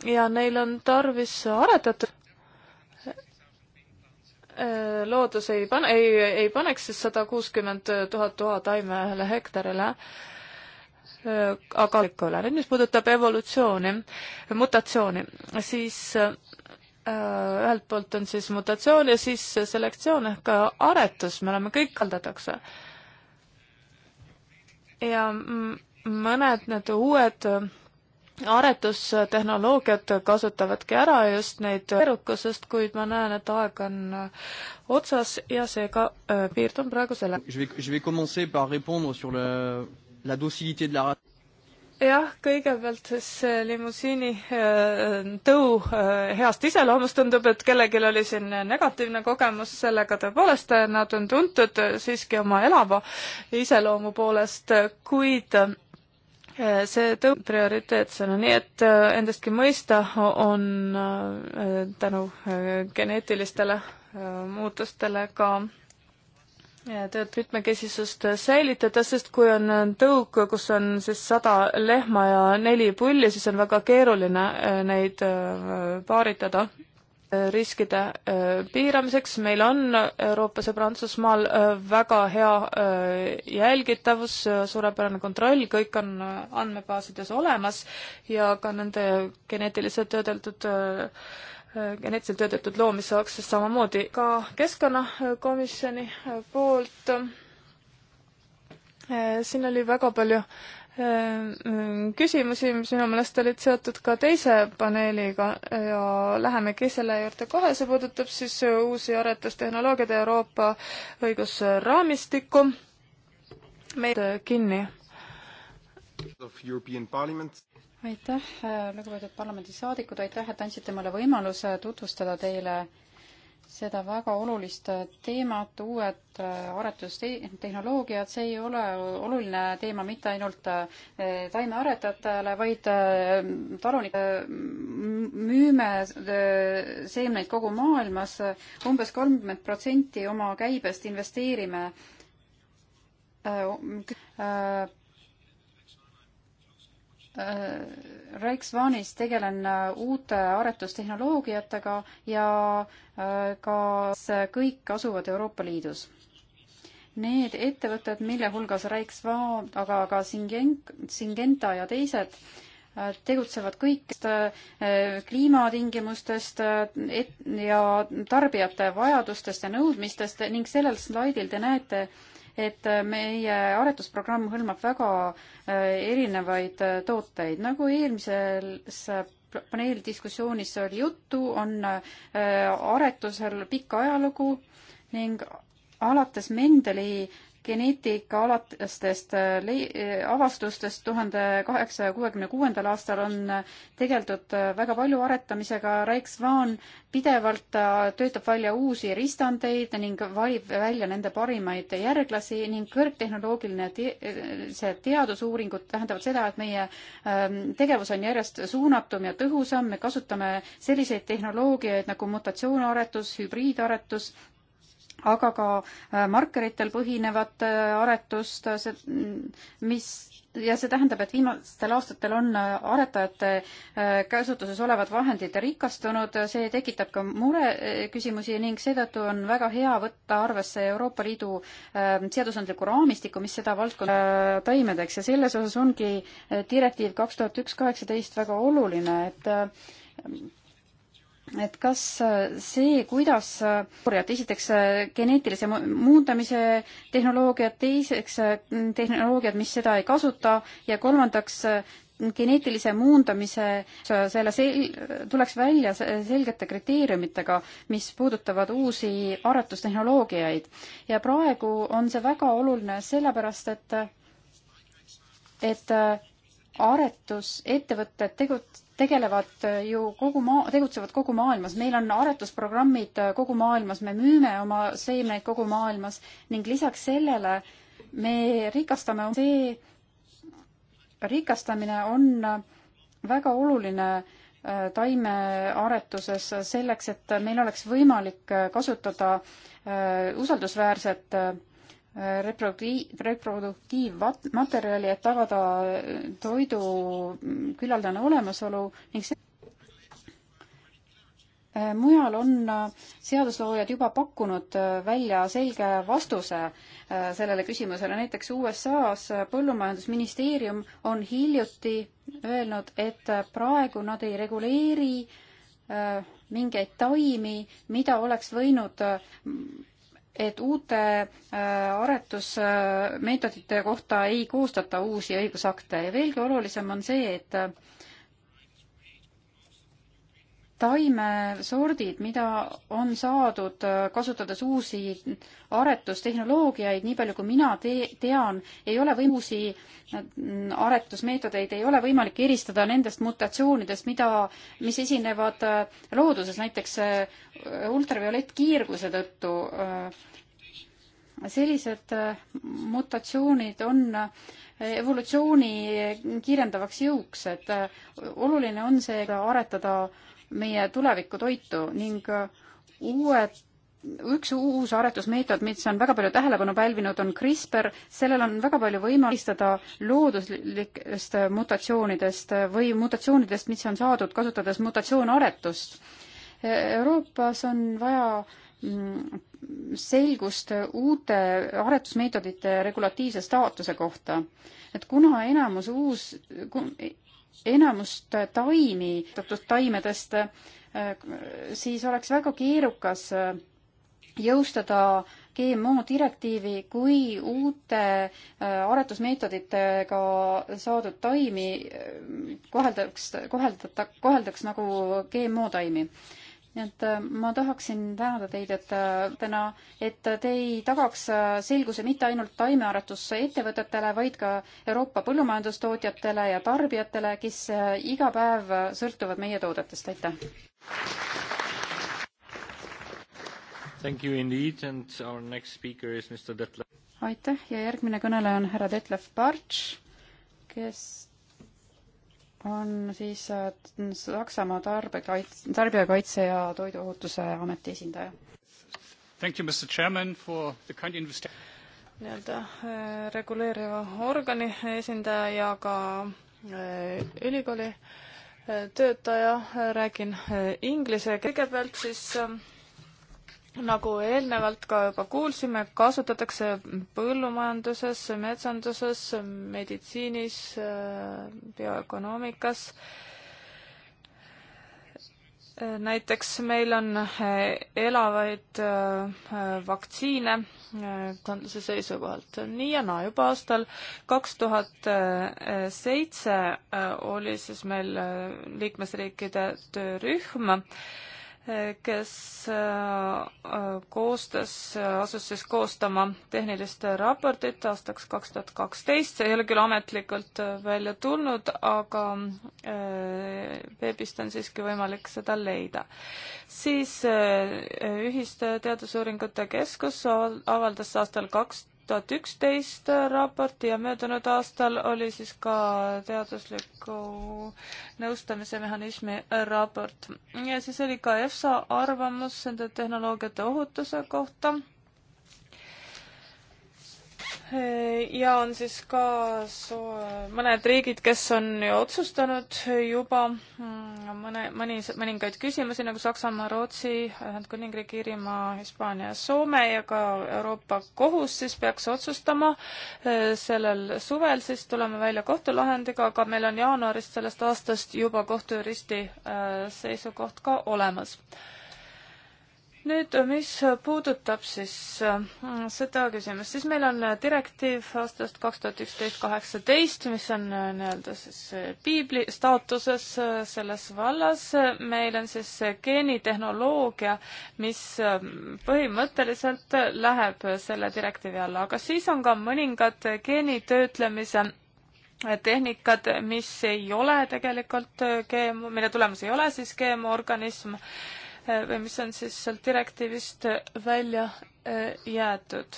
ja neil on tarvis aretatud äh, loodus ei pane, ei, ei paneks siis sada kuuskümmend tuhat tuhataime ühele hektarile, äh, aga ikka üle. nüüd, mis puudutab evolutsiooni, mutatsiooni, siis äh, ühelt poolt on siis mutatsioon ja siis selektsioon ehk aretus, me oleme kõik kaldatakse. ja mõned need uued aretustehnoloogiat kasutavadki ära just neid keerukusest, kuid ma näen, et aeg on äh, otsas ja seega äh, piirdun praegu selle. jah, kõigepealt siis limusiini äh, tõu heast iseloomust tundub, et kellelgi oli siin negatiivne kogemus sellega, tõepoolest nad on tuntud siiski oma elava iseloomu poolest, kuid Eh, see tõmb prioriteetsena, nii et eh, endastki mõista on eh, tänu geneetilistele muutustele ka tööd mitmekesisust säilitada, sest kui on tõug, kus on siis sada lehma ja neli pulli, siis on väga keeruline neid paaritada riskide äh, piiramiseks, meil on Euroopas ja Prantsusmaal äh, väga hea äh, jälgitavus, suurepärane kontroll, kõik on andmebaasides olemas ja ka nende geneetiliselt töödeldud geneetiliselt töödeldud loomi saaks siis samamoodi ka Keskkonnakomisjoni poolt. siin oli väga palju Ehm, küsimusi, mis minu meelest olid seotud ka teise paneeliga ja lähemegi selle juurde kohe, see puudutab siis uusi aretustehnoloogiaid Euroopa õigusraamistikku. meid kinni. aitäh, lugupeetud parlamendisaadikud, aitäh, et andsite mulle võimaluse tutvustada teile seda väga olulist teemat, uued äh, aretustehnoloogiad, see ei ole oluline teema mitte ainult äh, taimearetajatele, vaid äh, talunik-, müüme seemneid kogu maailmas umbes, umbes kolmkümmend protsenti oma käibest investeerime Äh, Reichsvanis tegelen äh, uute aretustehnoloogiatega ja äh, ka kõik asuvad Euroopa Liidus. Need ettevõtted, mille hulgas Reichsvan, aga ka Syngenta ja teised, tegutsevad kõik kliimatingimustest ja tarbijate vajadustest ja nõudmistest ning sellel slaidil te näete, et meie aretusprogramm hõlmab väga äh, erinevaid äh, tooteid, nagu eelmises äh, paneeldiskussioonis oli juttu, on aretusel pikk ajalugu ning alates Mendeli geneetika alatistest äh, äh, avastustest tuhande kaheksasaja kuuekümne kuuendal aastal on äh, tegeldud väga palju aretamisega, Raik Svaan pidevalt töötab välja uusi ristandeid ning valib välja nende parimaid järglasi ning kõrgtehnoloogiline te see teadusuuringud tähendavad seda, et meie ähm, tegevus on järjest suunatum ja tõhusam, me kasutame selliseid tehnoloogiaid nagu mutatsioonaaretus, hübriidaretus, aga ka äh, markeritel põhinevat äh, aretust, äh, see, mm, mis ja see tähendab, et viimastel aastatel on aretajate käsutuses olevad vahendid rikastunud, see tekitab ka mureküsimusi ning seetõttu on väga hea võtta arvesse Euroopa Liidu seadusandlikku raamistikku, mis seda valdkonda taimedeks ja selles osas ongi direktiiv kaks tuhat üks kaheksateist väga oluline, et et kas äh, see, kuidas, äh, esiteks äh, geneetilise muundamise tehnoloogiad, teiseks tehnoloogiad, mis seda ei kasuta ja kolmandaks geneetilise muundamise selle sel-, tuleks välja selgete kriteeriumitega, mis puudutavad uusi aretustehnoloogiaid. ja praegu on see väga oluline sellepärast, et et aretusettevõtted tegut-, tegelevad ju kogu maa, tegutsevad kogu maailmas, meil on aretusprogrammid kogu maailmas, me müüme oma seemneid kogu maailmas ning lisaks sellele me rikastame, see rikastamine on väga oluline äh, taimearetuses selleks, et meil oleks võimalik kasutada äh, usaldusväärset äh, reprodukti-, reproduktiivmaterjali, et tagada toidu küllaldane olemasolu ning see mujal on seadusloojad juba pakkunud välja selge vastuse äh, sellele küsimusele, näiteks USA-s põllumajandusministeerium on hiljuti öelnud, et praegu nad ei reguleeri äh, mingeid taimi, mida oleks võinud äh, et uute äh, aretusmeetodite kohta ei koostata uusi õigusakte ja veelgi olulisem on see, et äh, taimesordid, mida on saadud äh, kasutades uusi aretustehnoloogiaid, nii palju kui mina te tean, ei ole või uusi äh, aretusmeetodeid ei ole võimalik eristada nendest mutatsioonidest, mida, mis esinevad äh, looduses, näiteks ultraviolettkiirguse tõttu. sellised mutatsioonid on evolutsiooni kiirendavaks jõuks, et oluline on seega aretada äh, meie tulevikutoitu ning äh, uued üks uus aretusmeetod, mis on väga palju tähelepanu pälvinud, on CRISPR, sellel on väga palju võimalistada looduslikest mutatsioonidest või mutatsioonidest, mis on saadud, kasutades mutatsiooniaretust. Euroopas on vaja mm, selgust uute aretusmeetodite regulatiivse staatuse kohta. et kuna enamus uus, enamust taimi, taimedest, äh, siis oleks väga keerukas äh, jõustada GMO direktiivi, kui uute äh, aretusmeetoditega saadud taimi koheldaks, koheldata, koheldaks nagu GMO taimi nii et äh, ma tahaksin tänada teid, et äh, täna, et te ei tagaks äh, selguse mitte ainult taimearetusettevõtetele, vaid ka Euroopa põllumajandustootjatele ja tarbijatele, kes iga päev sõltuvad meie toodetest, aitäh! aitäh ja järgmine kõneleja on härra Detlev Bartš, kes on siis äh, Saksamaa tarbekaitse, Tarbijakaitse ja Toiduohutuse Ameti esindaja. nii-öelda äh, reguleeriva organi esindaja ja ka äh, ülikooli töötaja, räägin inglise, kõigepealt siis nagu eelnevalt ka juba kuulsime, kasutatakse põllumajanduses, metsanduses, meditsiinis, bioökonoomikas. näiteks meil on elavaid äh, vaktsiine kandluse äh, seisukohalt nii ja naa. juba aastal kaks tuhat seitse äh, oli siis meil liikmesriikide töörühm, kes äh, koostas, asus siis koostama tehnilist raportit aastaks kaks tuhat kaksteist, see ei ole küll ametlikult äh, välja tulnud, aga äh, veebist on siiski võimalik seda leida. siis Ühiste Teadusuuringute Keskus avaldas aastal kaks tuhat üksteist raporti ja möödunud aastal oli siis ka teadusliku nõustamise mehhanismi raport. ja siis oli ka EFSA arvamus nende tehnoloogiate ohutuse kohta ja on siis ka mõned riigid, kes on ju otsustanud juba mm, mõne, mõni, mõningaid küsimusi nagu Saksamaa, Rootsi, Ühendkuningriik, Iirimaa, Hispaania, Soome ja ka Euroopa Kohus siis peaks otsustama äh, sellel suvel, siis tuleme välja kohtulahendiga, aga meil on jaanuarist sellest aastast juba kohtujuristi äh, seisukoht ka olemas nüüd, mis puudutab siis äh, seda küsimust, siis meil on äh, direktiiv aastast kaks tuhat üksteist kaheksateist, mis on äh, nii-öelda siis piibli staatuses selles vallas. meil on siis geenitehnoloogia, mis põhimõtteliselt läheb selle direktiivi alla, aga siis on ka mõningad geenitöötlemise tehnikad, mis ei ole tegelikult GMO, mille tulemus ei ole siis GMO organism või mis on siis sealt direktiivist välja äh, jäetud.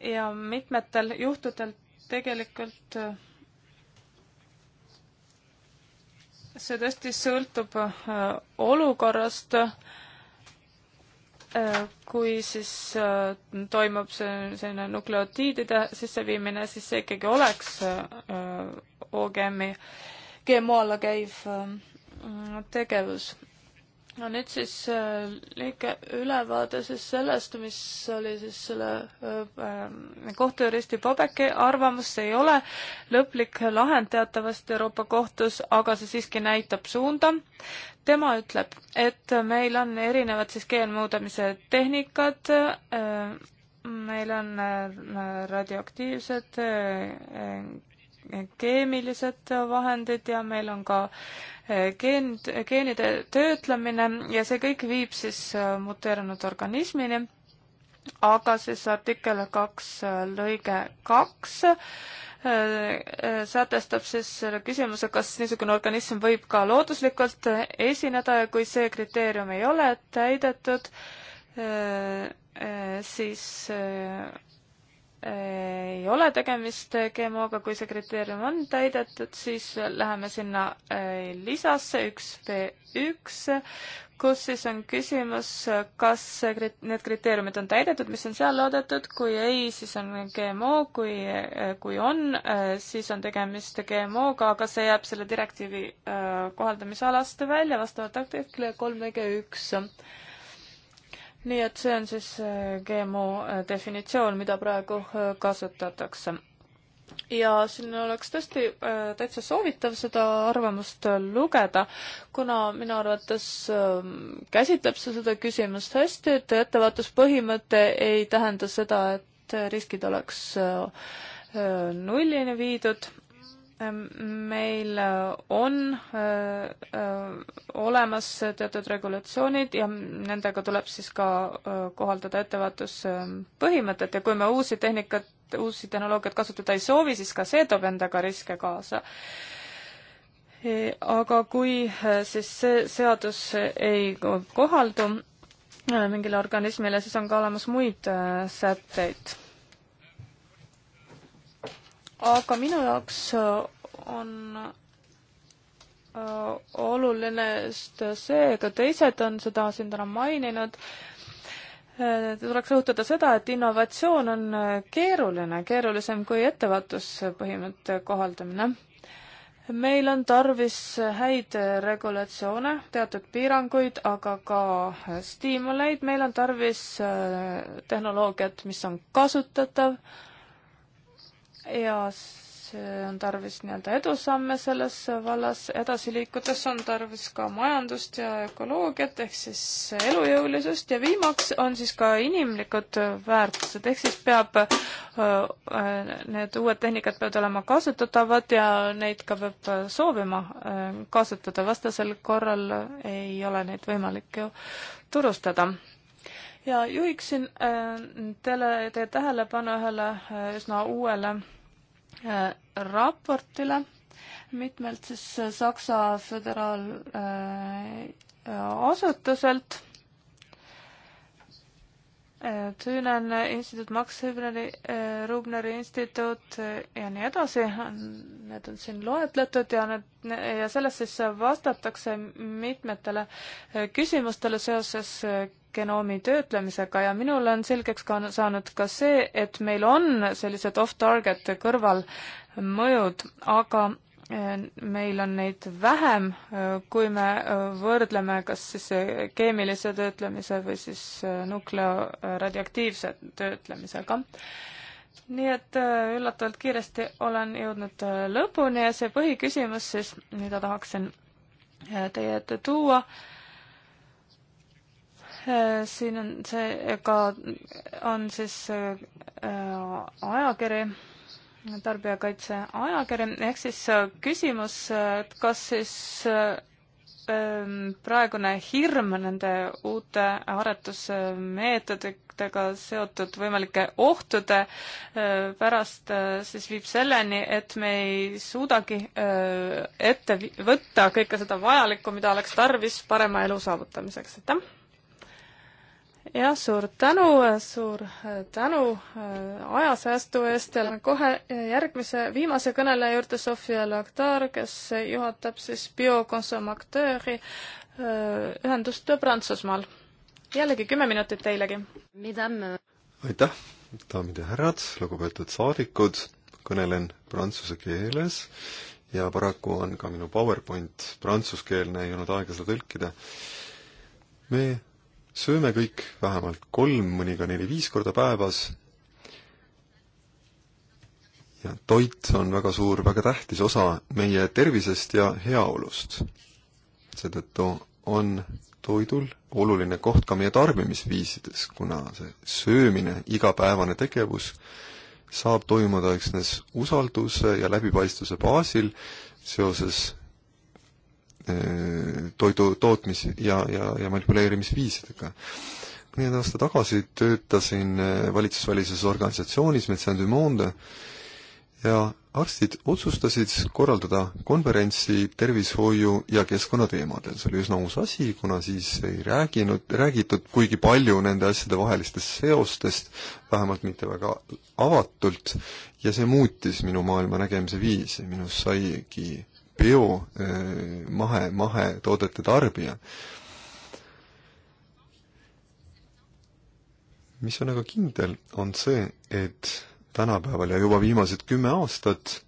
ja mitmetel juhtudel tegelikult äh, see tõesti sõltub äh, olukorrast, kui siis toimub see selline nukleotiidide sisseviimine, siis see ikkagi oleks OGM-i, GMO alla käiv tegevus no nüüd siis äh, lühike ülevaade siis sellest, mis oli siis selle äh, ähm, kohtujuristi Pobeki arvamus, see ei ole lõplik lahend teatavasti Euroopa Kohtus, aga see siiski näitab suunda. tema ütleb, et meil on erinevad siis geenmuudamise tehnikad, äh, meil on radioaktiivsed keemilised vahendid ja meil on ka eh, geen, geenide töötlemine ja see kõik viib siis eh, muteerunud organismini. aga siis artikkel kaks eh, lõige kaks sätestab siis selle küsimuse, kas niisugune organism võib ka looduslikult esineda ja kui see kriteerium ei ole täidetud, siis ei ole tegemist GMO-ga, kui see kriteerium on täidetud, siis läheme sinna eh, lisasse üks B üks, kus siis on küsimus, kas need kriteeriumid on täidetud, mis on seal loodetud, kui ei, siis on GMO, kui, eh, kui on, eh, siis on tegemist GMO-ga, aga see jääb selle direktiivi kohaldamisalast välja vastavalt artiklile kolm lõige üks nii et see on siis äh, GMO äh, definitsioon, mida praegu äh, kasutatakse. ja siin oleks tõesti täitsa soovitav seda arvamust lugeda, kuna minu arvates ähm, käsitleb see seda küsimust hästi, et ettevaatuspõhimõte ei tähenda seda, et riskid oleks nullini viidud meil äh, on äh, äh, olemas teatud regulatsioonid ja nendega tuleb siis ka kohaldada ettevaatuspõhimõtet ja kui me uusi tehnikat, uusi tehnoloogiat kasutada ei soovi, siis ka see toob endaga riske kaasa. E, aga kui siis see seadus ei kohaldu mingile organismile, siis on ka olemas muid sätteid aga minu jaoks äh, on äh, oluline just see, ka teised on seda siin täna maininud, äh, tuleks rõhutada seda, et innovatsioon on keeruline, keerulisem kui ettevaatuspõhimõtte kohaldamine. meil on tarvis häid regulatsioone, teatud piiranguid, aga ka stiimuleid, meil on tarvis tehnoloogiat, mis on kasutatav, ja see on tarvis nii-öelda edusamme selles vallas, edasi liikudes on tarvis ka majandust ja ökoloogiat ehk siis elujõulisust ja viimaks on siis ka inimlikud väärtused, ehk siis peab, äh, need uued tehnikad peavad olema kasutatavad ja neid ka peab soovima äh, kasutada, vastasel korral ei ole neid võimalik ju turustada ja juhiksin äh, teile, teie tähelepanu ühele üsna uuele äh, Äh, raportile, mitmelt siis Saksa föderaalasutuselt. Äh, äh, Tüünen instituut, Max Hübneri, Rubneri instituut ja nii edasi, need on siin loetletud ja need, ja selles siis vastatakse mitmetele küsimustele seoses genoomi töötlemisega ja minul on selgeks ka saanud ka see, et meil on sellised off-target kõrvalmõjud, aga eh, meil on neid vähem, eh, kui me eh, võrdleme kas siis keemilise töötlemise või siis nukleoradioaktiivse töötlemisega. nii et üllatavalt kiiresti olen jõudnud lõpuni ja see põhiküsimus siis, mida tahaksin teie ette tuua, Äh, siin on see ka, on siis äh, ajakiri, tarbijakaitse ajakiri, ehk siis äh, küsimus, et kas siis ähm, praegune hirm nende uute aretusmeetoditega seotud võimalike ohtude pärast siis viib selleni, et me ei suudagi ette võtta kõike seda vajalikku, mida oleks tarvis parema elu saavutamiseks, aitäh! jah, suur tänu, suur tänu äh, ajasäästu eest ja lähme kohe äh, järgmise, viimase kõneleja juurde, Sofia Laktar, kes juhatab siis Bioconsumateuri äh, ühendust Prantsusmaal. jällegi kümme minutit teilegi. Euh, aitäh, daamid ja härrad, lugupeetud saadikud, kõnelen prantsuse keeles ja paraku on ka minu PowerPoint prantsuskeelne, ei olnud aega seda tõlkida. me sööme kõik vähemalt kolm, mõni ka neli-viis korda päevas ja toit on väga suur, väga tähtis osa meie tervisest ja heaolust. seetõttu on toidul oluline koht ka meie tarbimisviisides, kuna see söömine, igapäevane tegevus saab toimuda üksnes usalduse ja läbipaistvuse baasil seoses Äh, toidu tootmis- ja, ja, ja manipuleerimisviisidega. mõni aasta tagasi töötasin äh, valitsusvälises organisatsioonis Médecins du Monde ja arstid otsustasid korraldada konverentsi tervishoiu ja keskkonna teemadel. see oli üsna uus asi, kuna siis ei rääginud, räägitud kuigi palju nende asjade vahelistest seostest, vähemalt mitte väga avatult, ja see muutis minu maailmanägemise viisi, minust saigi bio e, mahe, mahetoodete tarbija. mis on aga kindel, on see, et tänapäeval ja juba viimased kümme aastat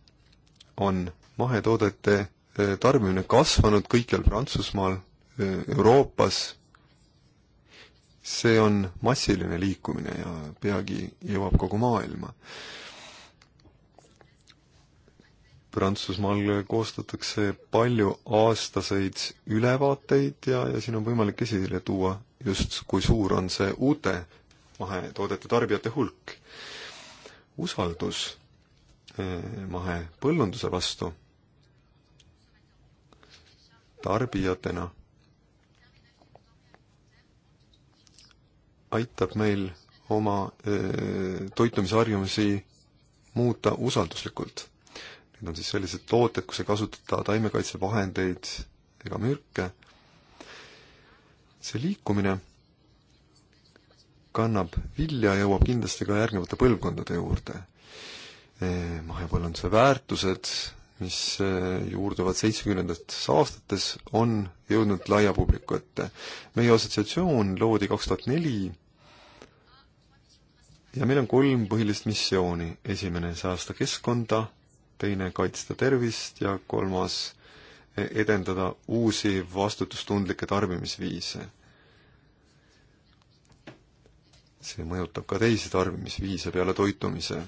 on mahetoodete e, tarbimine kasvanud kõikjal Prantsusmaal, e, Euroopas, see on massiline liikumine ja peagi jõuab kogu maailma. Prantsusmaal koostatakse palju aastaseid ülevaateid ja, ja siin on võimalik esile tuua just, kui suur on see uute mahetoodete tarbijate hulk. usaldus eh, mahepõllunduse vastu tarbijatena aitab meil oma eh, toitumisharjumusi muuta usalduslikult Need on siis sellised tooted, kus ei kasutata taimekaitsevahendeid ega mürke. see liikumine kannab vilja, jõuab kindlasti ka järgnevate põlvkondade juurde. Eh, mahepõllunduse väärtused, mis eh, juurduvad seitsmekümnendates aastates, on jõudnud laia publiku ette. meie assotsiatsioon loodi kaks tuhat neli ja meil on kolm põhilist missiooni. esimene, säästa keskkonda, teine kaitsta tervist ja kolmas e-, edendada uusi vastutustundlikke tarbimisviise. see mõjutab ka teisi tarbimisviise peale toitumise.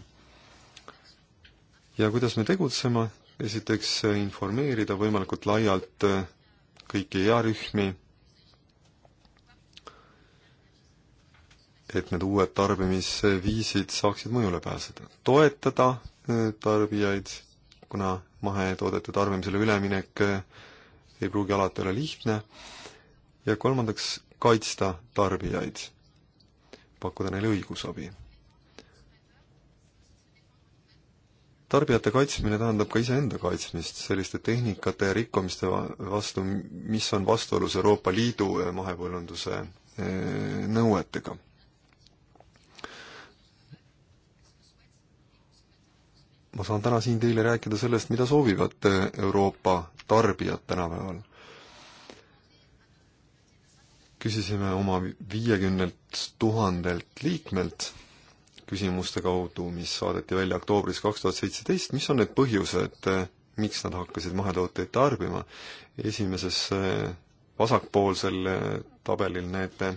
ja kuidas me tegutsema, esiteks e, informeerida võimalikult laialt e, kõiki earühmi, et need uued tarbimisviisid saaksid mõjule pääseda. toetada tarbijaid, kuna mahetoodete tarbimisele üleminek eh, ei pruugi alati olla lihtne, ja kolmandaks, kaitsta tarbijaid, pakkuda neile õigusabi. tarbijate kaitsmine tähendab ka iseenda kaitsmist selliste tehnikate ja rikkumiste vastu, mis on vastuolus Euroopa Liidu eh, mahepõllunduse eh, nõuetega ma saan täna siin teile rääkida sellest, mida soovivad eh, Euroopa tarbijad tänapäeval. küsisime oma viiekümnelt tuhandelt liikmelt küsimuste kaudu, mis saadeti välja oktoobris kaks tuhat seitseteist, mis on need põhjused, eh, miks nad hakkasid mahetooteid tarbima. esimeses eh, vasakpoolsel tabelil näete,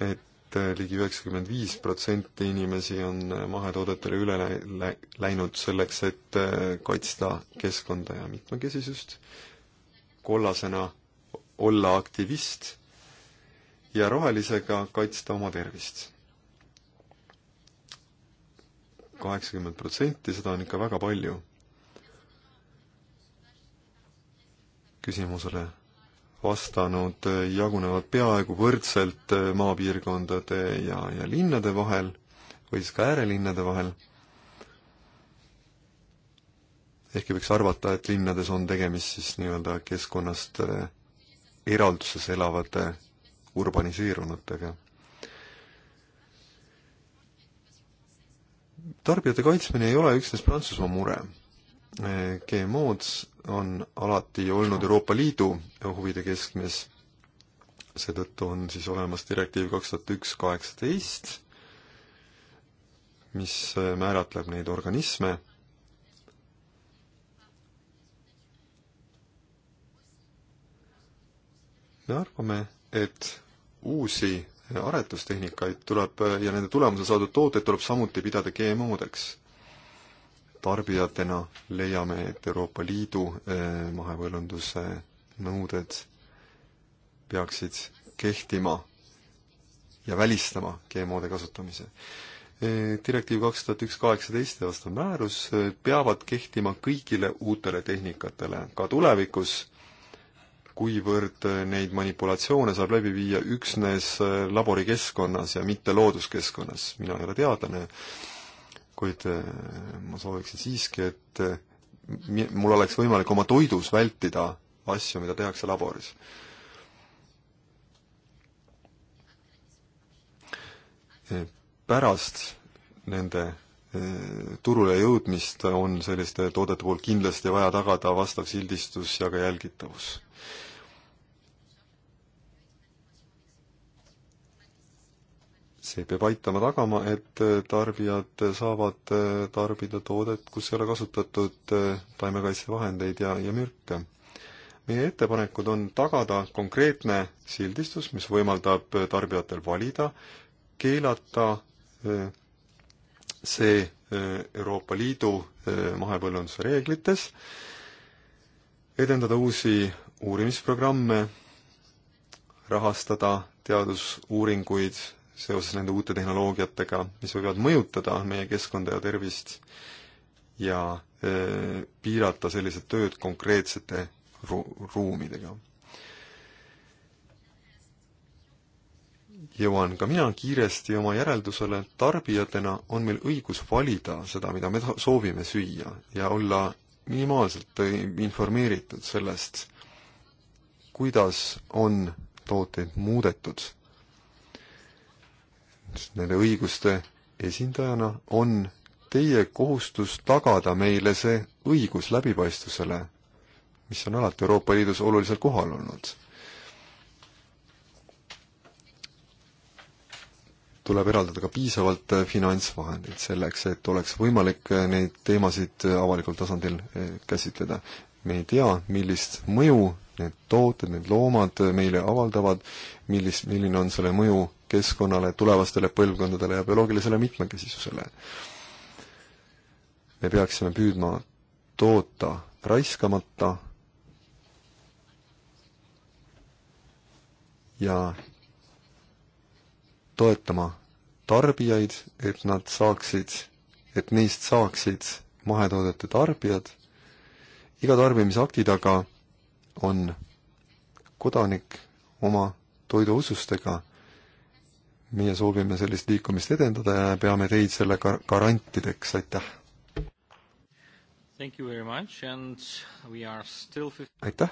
et et eh, ligi üheksakümmend viis protsenti inimesi on eh, mahetoodetele üle lä-, läinud selleks, et eh, kaitsta keskkonda ja mitmekesisust, kollasena olla aktivist ja rohelisega kaitsta oma tervist. kaheksakümmend protsenti, seda on ikka väga palju. küsimusele vastanud äh, jagunevad peaaegu võrdselt äh, maapiirkondade ja, ja linnade vahel või siis ka äärelinnade vahel. ehkki võiks arvata, et linnades on tegemist siis nii-öelda keskkonnast äh, eralduses elavate urbaniseerunutega tarbijate kaitsmine ei ole üksnes Prantsusmaa mure. GMO-d on alati olnud Euroopa Liidu huvide keskmes, seetõttu on siis olemas direktiiv kaks tuhat üks kaheksateist, mis määratleb neid organisme me arvame, et uusi aretustehnikaid tuleb ja nende tulemusel saadud tooteid tuleb samuti pidada GMO-deks tarbijatena leiame, et Euroopa Liidu eh, mahepõllunduse nõuded peaksid kehtima ja välistama GMO-de kasutamise. Eh, direktiiv kaks tuhat üks kaheksateist ja vastav määrus eh, peavad kehtima kõigile uutele tehnikatele ka tulevikus, kuivõrd neid manipulatsioone saab läbi viia üksnes laborikeskkonnas ja mitte looduskeskkonnas. mina ei ole teadlane, kuid äh, ma sooviksin siiski, et äh, mul oleks võimalik oma toidus vältida asju, mida tehakse laboris. Äh, pärast nende turule jõudmist on selliste toodete puhul kindlasti vaja tagada vastav sildistus ja ka jälgitavus. see peab aitama tagama, et äh, tarbijad äh, saavad äh, tarbida toodet, kus ei ole kasutatud taimekaitsevahendeid ja, ja mürke. meie ettepanekud on tagada konkreetne sildistus, mis võimaldab tarbijatel valida, keelata see Euroopa Liidu mahepõllunduse reeglites, edendada uusi uurimisprogramme, rahastada teadusuuringuid seoses nende uute tehnoloogiatega, mis võivad mõjutada meie keskkonda ja tervist ja öö, eh, piirata sellised tööd konkreetsete ru-, ruumidega. jõuan ka mina kiiresti oma järeldusele, tarbijatena on meil õigus valida seda, mida me soovime süüa ja olla minimaalselt eh, informeeritud sellest, kuidas on tooteid muudetud nende õiguste esindajana on teie kohustus tagada meile see õigus läbipaistvusele, mis on alati Euroopa Liidus olulisel kohal olnud. tuleb eraldada ka piisavalt finantsvahendeid selleks, et oleks võimalik neid teemasid avalikul tasandil eh, käsitleda. me ei tea, millist mõju need tooted, need loomad meile avaldavad, millis, milline on selle mõju keskkonnale, tulevastele põlvkondadele ja bioloogilisele mitmekesisusele. me peaksime püüdma toota raiskamata ja toetama tarbijaid, et nad saaksid, et neist saaksid mahetoodete tarbijad. iga tarbimisakti taga on kodanik oma toiduotsustega meie soovime sellist liikumist edendada ja peame teid selle gar-, garantideks, aitäh! aitäh!